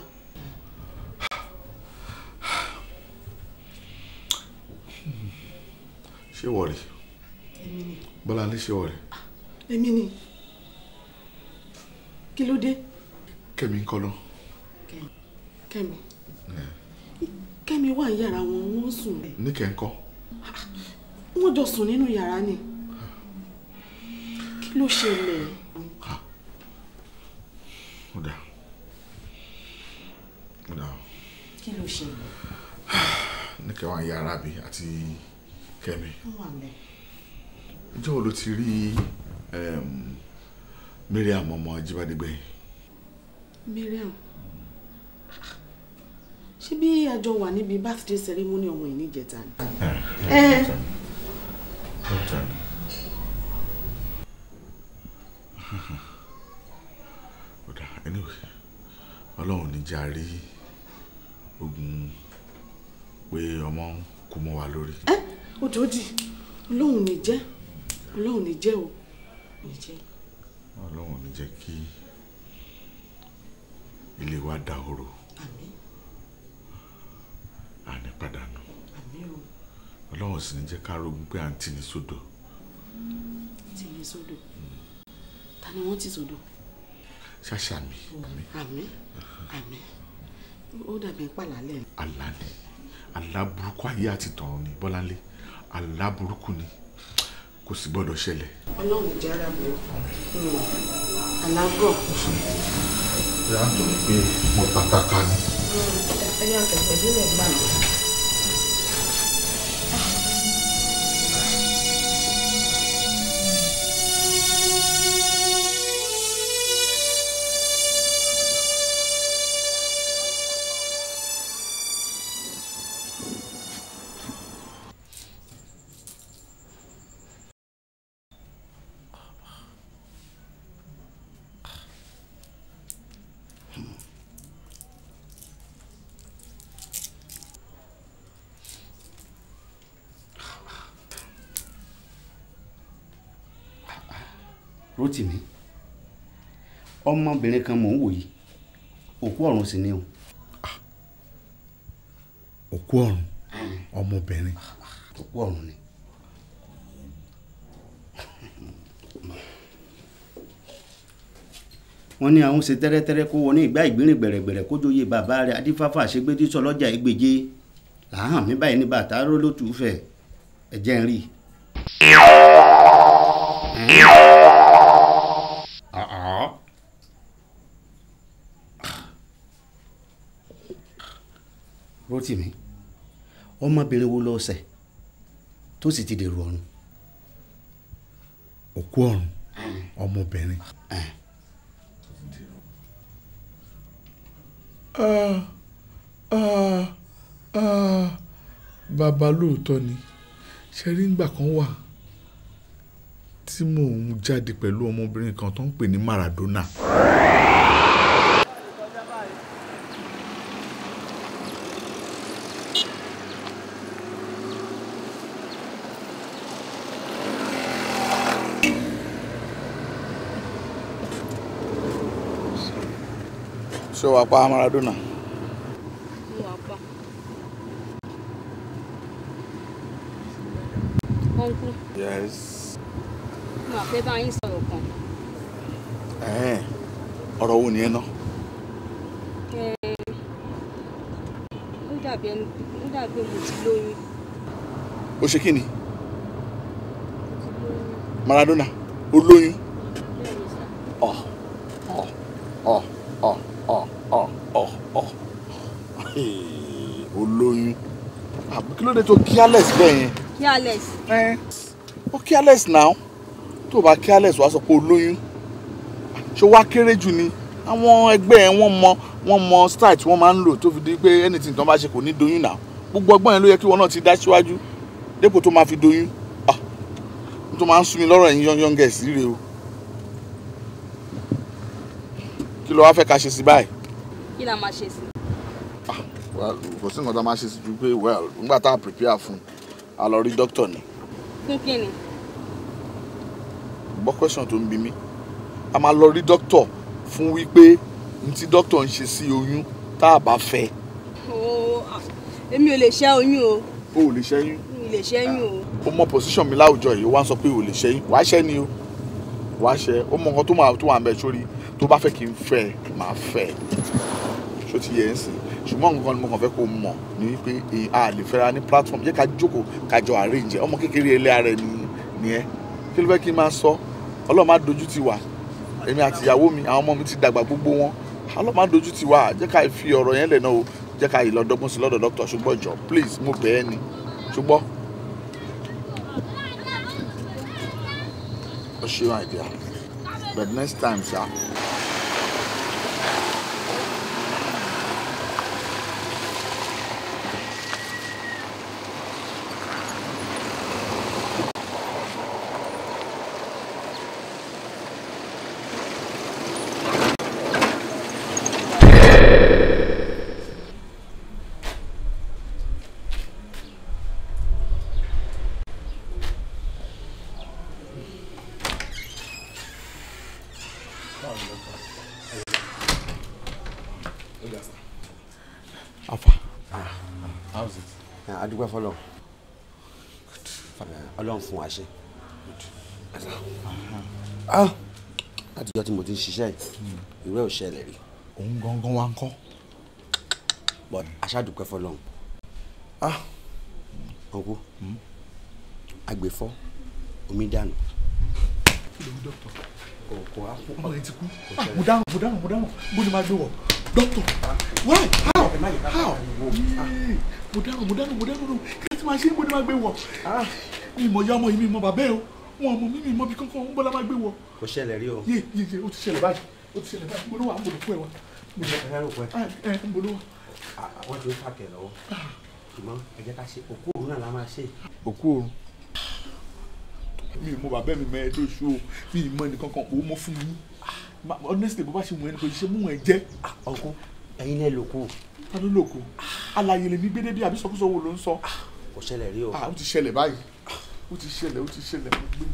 ṣé wọ̀rẹ̀ bọ́lá ní ṣé wọ̀rẹ̀. èmi ni kí ló dé. kẹ́mi ń kọ́nà. kẹ́mi kẹ́mi wà ní yàrá wọn wọ́n sùn. ní kẹ́ńkọ́. wọ́n jọ sùn nínú yàrá ni kí ló ṣẹlẹ̀. ó dáa ló ṣe yìí. níkẹ́ wá ya arábì àti kẹ́mi. ìjọ́ wo ló ti rí Mariam ọmọ Jíbádé gbẹ̀yìn. Mariam ṣé bí a jọ wà níbi birthday ceremony ọmọ yìí níjẹta ni. ọ̀dà eh, eh. <laughs> anyway ọlọ́run ní jàre yìí oògùn pé ọmọ kú mọ́ wa lórí. ẹ òjòjì ọlọ́run ní jẹ́ ọlọ́run ní jẹ́ o ní jẹ́. ọlọ́run ní jẹ́ kí ilé wa dahoro àmín àní pàdánù àmín o ọlọ́run sì ní jẹ́ ká rogún pé à ń tì ní sódò. tì ní sódò ta ni wọ́n ti sódò. ṣàṣà mi àmín àmín ó dàbí pàlálẹ̀. àlá ni àlá burúkú ayé àti tọ̀run ni bọ́láńlé àlá burúkú ni kò sì gbọ́dọ̀ ṣẹlẹ̀. ọlọ́run jẹ́ ara mi alágọ̀. ìyá tó ń pè mọ́ pátákà ni. ẹni àtẹ̀tẹ̀ sílẹ̀ gbà Rótìmí ọmọbìnrin kan mò ń wò yìí òkú ọ̀run sì ni o. Ah, òkú ọ̀run ọmọbìnrin. òkú ọ̀run ni. wọ́n ní àwọn ṣe tẹ́rẹ́tẹ́rẹ́ kó wọnú ìgbà ìgbìnrin gbẹ̀rẹ̀gbẹ̀rẹ̀ kó jóye bàbá rẹ̀ adífáfá àṣegbédé sọlọ́jà ìgbèje làhàn mi báyìí ní bàtà rólótùúfẹ̀ ẹ̀jẹ̀ ń rí. tì mí ọmọbìnrin wo ló ṣẹ̀ tó sì ti dèrò ọ̀run. òkú ọ̀run ọmọbìnrin. Ah, ah, ah, bàbá lóòótọ́ ni ṣe rí ngbà kan wà tí mò ń jáde pẹ̀lú ọmọbìnrin kan tó ń pè ní Maradona. wà pa Maradona. Ọ̀nkú. Yes. Mo àfẹ́ bá yín sọ̀rọ̀ kan. Ọ̀rọ̀ wo nìyẹn náà? Ó dàbí ẹni ó dàbí mo ti lóyún. O ṣe kí ni? Maradona, o lóyún. dé tó careless bẹ́ẹ̀ yẹn. careless. ẹ ó careless now tó bá careless wàá sọ pé olóyún ṣé wàá kéré jù ni àwọn ẹgbẹ́ ẹ wọ́n mọ wọ́n mọ style tí wọ́n máa ń lò tó fi di pé anything tán bá ṣe kò ní doyún now gbogbo ọgbọ́n yẹn ló yẹ kí wọn náà ti dá síwájú dépò tó máa fi doyún ah tó máa ń sún mi lọ́rọ̀ ẹ̀yin young young girls rírè o kí ló wá fẹ́ ká ṣe sí báyìí. kí la máa ṣe sí well kò sí nǹkan tá a máa ṣe sí ju pé well nígbà tá a prepare fún a lọ rí doctor ni. fún kí ni. gbọ́ question tó ń bi mí a máa lọ rí doctor fún wípé n tí doctor ń ṣe sí oyún tá a bá fẹ́. èmi ò lè ṣẹ́ oyún o. o ò lè ṣẹ́yún. mi lè ṣẹ́yún o. o mọ position mi láwùjọ yìí wá sọ pé o lè ṣẹ́yún wàá ṣẹ́ ni o wàá ṣẹ́ o mọ nǹkan tó wà ń bẹ sórí tó bá fẹ́ kí n fẹ́ máa fẹ́ ṣó ti yẹ ń sìn ṣùgbọ́n nǹkan ni mo kàn fẹ́ kó mọ̀ ní wípé a lè fẹ́ra ní platform jẹ́ ká jókòó ká jọ arrange ọmọ kékeré ilé ara ẹni nìyẹn kí ló fẹ́ kí n máa sọ ọlọ́run má dojú ti wà èmi àti ìyàwó mi àwọn ọmọ mi ti dàgbà gbogbo wọn ọlọ́run má dojú ti wà jẹ́ ká fi ọ̀rọ̀ yẹn lẹ̀ náà o jẹ́ ká ìlọdọ́gbọ́n sí lọ́dọ̀ dókítà ṣùgbọ́n please mo bẹ̀ ẹ́ ni ṣùgbọ́n. ó ṣe wá ìdí but next time ṣá. fún wa ṣe ah, látijọ́ tí mo ti ń ṣiṣẹ́ hmm. ìwé ò ṣẹlẹ̀ rí. òun gangan wa ń kọ́. but aṣáàdùpẹ́ fọlọ́run ọ̀gbọ́n ah, hmm. agbèfọ́ omi dànù. ọmọ rẹ ti kú ah, mo dáhùn mo dáhùn mo dáhùn bó ni máa gbé wọ doctor why mo dáhùn mo dáhùn mo dáhùn kí ni ti máa ṣe bó ni máa gbé wọ mi mọ̀ ya ọmọ yìí mi mọ̀ bàbá ẹ̀ o wọn mọ̀ mi mi mọ̀ bí kankan ń bọ́lá máa gbé wọ. kò ṣẹlẹ̀ rí o. yé yé yé o ti ṣẹlẹ̀ báyìí o ti ṣẹlẹ̀ báyìí mo ló wà mo ló fún ẹ wa. mo ló fún ẹ mo ló wà. àwọn tí ó fà kẹ lọ́wọ́ ah. ṣùgbọ́n ẹ jẹ́ ká ṣe òkú òru náà la máa ṣe. òkú òru mi mọ̀ bàbá mi mọ ẹ lóṣù o mi mọ̀ ẹnì kankan òun mọ fún mi honestly bó bá ṣe mú ẹni kò ṣe mú ẹ jẹ. ọkọ ẹyin lẹ lòkù. ta ló lòkù. alaye lèmi gbédébí àbí sọkúsọ wo ló ń sọ. kò ṣẹlẹ̀ rí o. a ah, ó ti ṣẹlẹ̀ báyìí ó ti ṣẹlẹ̀ ó ti ṣẹlẹ̀ mo gbé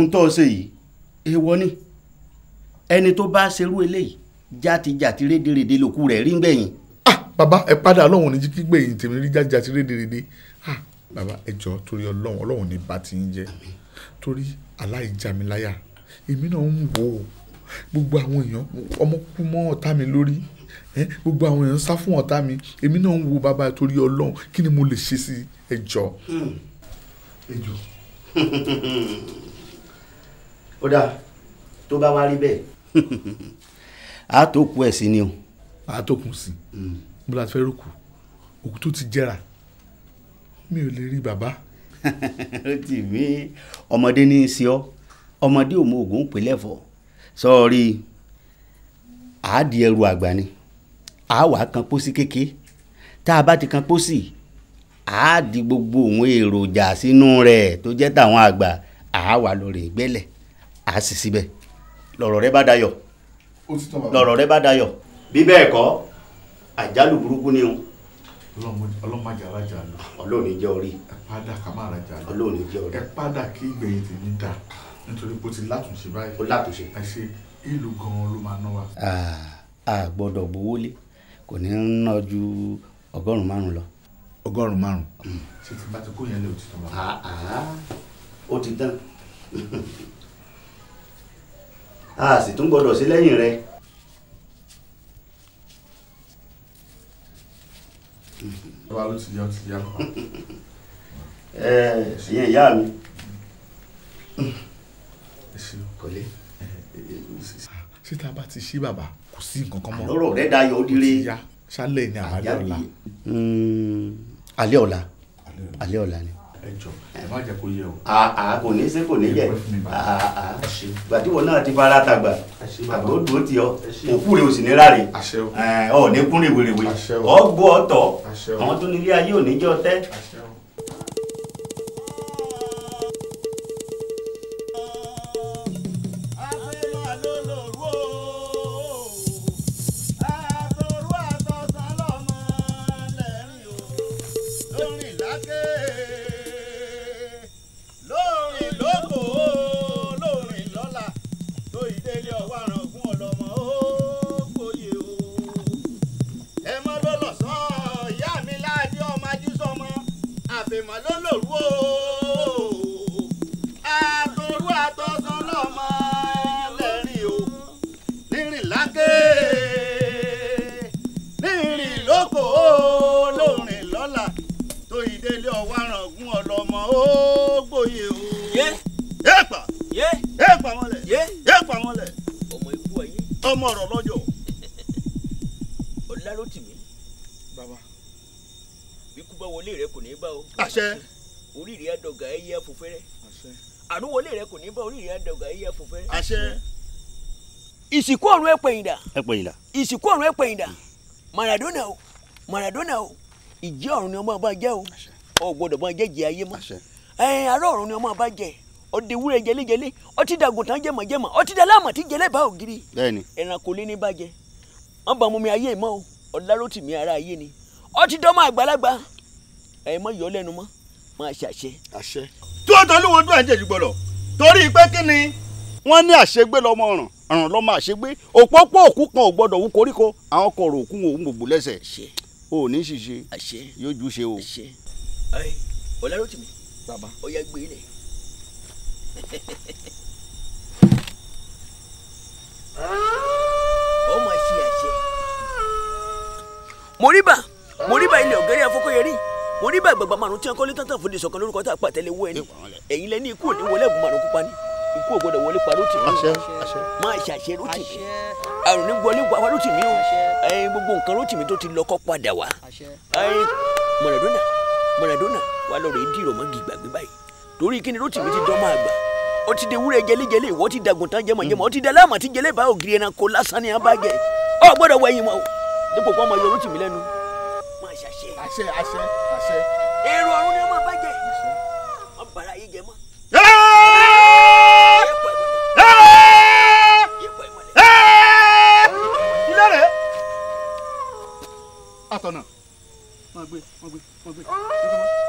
ohun tó ṣe yìí èèwọ̀ ni ẹni tó bá ṣerú eléyìí játijàti rédèrèdè lòkù rẹ̀ rí gbẹ̀yìn. ah bàbá ẹ padà ọlọ́run ní jí kí gbẹ̀yìn tèmi rí játijàti rédèrèdè ah baba, ẹ jọ torí ọlọ́run ọlọ́run ní bá ti ń jẹ torí aláìjàmíláyà èmi náà ń wò ó gbogbo àwọn èèyàn ọmọ kú mọ́ ọ̀tá mi lórí gbogbo àwọn èèyàn sá fún ọ̀tá mi èmi náà ń wo baba, torí ọlọ́run kí ni mo lè ṣe sí ẹjọ́. Hmm. ẹjọ́. <laughs> ó dà tó bá wá rí bẹ́ẹ̀. <laughs> a tó kú ẹ̀ sí ni o. a tó kù sí mo láti fẹ́ rúkú òkú tó ti jẹrà mi ò lè rí bàbá. <laughs> ó ti mí ọmọdé ní í ṣe ọ ọmọdé ò mọ oògùn ìpínlẹ̀ fọ sọ́ọ́rí àádì ẹrù àgbà ni àáwá kan pósí kéke tá a bá ti kan pósí àádì gbogbo òun èròjà sínú rẹ̀ tó jẹ́ tàwọn àgbà àáwá lórí ìgbẹ́lẹ̀ á sì síbẹ̀ lọ̀rọ̀ rẹ bá dayọ̀ lọ̀rọ̀ rẹ bá dayọ̀ bí bẹ́ẹ̀ kọ́ àjálù burúkú ni o ọlọ́mọdé alájà lọ. ọlọ́ọ̀ni jẹ́ orí. ẹ padà ká má rajà lọ. ọlọ́ọ̀ni jẹ́ orí. ẹ padà kí ìgbẹ̀yìn tèmi dà nítorí bó ti látúnṣe báyìí. ó látúnṣe. ẹ ṣe ìlú gan-an ló máa ná wa. a gbọ́dọ̀ gbowó lé kò ní í ná ju ọgọ́rùn-ún márùn-ún lọ. ọgọ́rùn-ún márùn-ún. Mm. ṣé tí bá ti kó yẹn lé òtítọ́ wa. ó ti tán. <laughs> a sì tún gbọ́dọ̀ sí lẹ́yìn rẹ. bàbá ló ti yá ti yá. <laughs> ẹ ìyẹn ìyá mi. kọ́lé. ṣé tá a bá ti ṣí bàbá kò sí nǹkan kan mọ́. lọ́rọ̀ rẹ̀ dayọ̀ ó dire. ṣálẹ̀ ni àárẹ̀ hmm, ọ̀la. alẹ́ ọ̀la ni ẹ jọ ẹ má jẹ kó yẹ o. àà kò ní ṣe kò ní yẹ àà gbàtíwọ náà ti fara tagbà àbúrò dúró ti ọ òkú rẹ ò sì ní ráre ọ ní kún rèwerèwe ọ gbọ́ ọ̀tọ̀ àwọn tó nílé ayé ò ní jẹ́ ọtẹ́ ọmọ ọ̀rọ̀ lọ́jọ́ Ọláròtìmí bàbá bíkú bá wọlé rẹ kò ní bá o àṣẹ orí rẹ àdọ̀gà ẹyẹ afọfẹ́rẹ́ àṣẹ àrùn wọlé rẹ kò ní bá orí rẹ àdọ̀gà ẹyẹ afọfẹ́rẹ́ àṣẹ. ìsìnkú ọ̀run Ẹpẹ̀yìndà Ẹpẹ̀yìndà ìsìnkú ọ̀run Ẹpẹ̀yìndà Maradona o Maradona o ìjẹ́ ọ̀run ni ọmọ ọba jẹ́ o ò gbọ́dọ̀ bá jẹ́ jẹ́ ayé mọ́ ẹ̀ẹ́n ará ọ̀run ni ọdẹ wúrẹ jẹlẹjẹlẹ ọtí dàgùntàn jẹmọjẹmọ ọtí dàlámà tí jẹlẹ bá ògiri. bẹ́ẹ̀ni. ẹranko lé ní bàjẹ́ wọn bá mumi ayé mọ o ọlárótìmí ara ayé ni ọtí dọmọ àgbàlagbà ẹ mọ yọ lẹ́nu mọ máa ṣàṣẹ. àṣẹ. tí ó tọ́lú wọn dún ẹ̀ ń jẹ̀jú gbọ́dọ̀ torí pé kí ni. wọ́n ní àṣegbé lọ́mọ ọ̀ràn ọ̀ràn lọ́mọ àṣegbé òpópó òkú kan ò gbọ́dọ̀ wú koríko àwọn kọ̀ọ̀rọ̀ òkú òun gbogbo lẹ́sẹ̀. àṣẹ. o ò ní ṣìṣe. àṣẹ. yójú ṣe o. àṣẹ. ọlárótìmí. bàbá ó gbé ilẹ̀. E ọmọ ṣe àṣẹ. moriba moriba ilẹ̀ ọ̀gẹ́rẹ́ afọ́kọ́yẹrí moriba ìgbàgbà márùn tí wọn kọ́lé tán fún ìṣọ̀kan lórúkọ tá a pàtẹ́lẹ̀ wọ ẹni ẹ̀yin lẹ́ni ikú ò ní wọlé ẹ̀bùn márùn pupa ni ikú ò gbọdọ̀ wọlé pa lótì mí máa ṣàṣẹ lótì mí àrùn ní wọlé pa lótì mí o gbogbo nǹkan lótì mí tó ti lọ́kọ́ padà wá Maradona Maradona wà lọ́rọ̀ ìdí ìrọ̀mọ́gì ìgbàgbé báyìí torí kí ni Rótìmí ti dánmọ́ àgbà ó ti de wúrẹ́ jẹlẹ́jẹlẹ́ ìwọ ti dàgùn tán jẹmọ̀jẹmọ̀ ó ti dẹ láàmú àti jẹlẹ́ bá ògiri ẹranko lásán ní abájẹ ọ gbọ́dọ̀ wẹ̀yìn mọ́ o dípò kó ọmọ yọ Rótìmí lẹ́nu máa ṣàṣẹ. àṣẹ àṣẹ àṣẹ. èrò ọ̀run ni ọmọ abájẹ ọ bàrà yìí jẹ mọ́. ilé rẹ̀ àtọ̀nà máa gbé máa gbé máa gbé.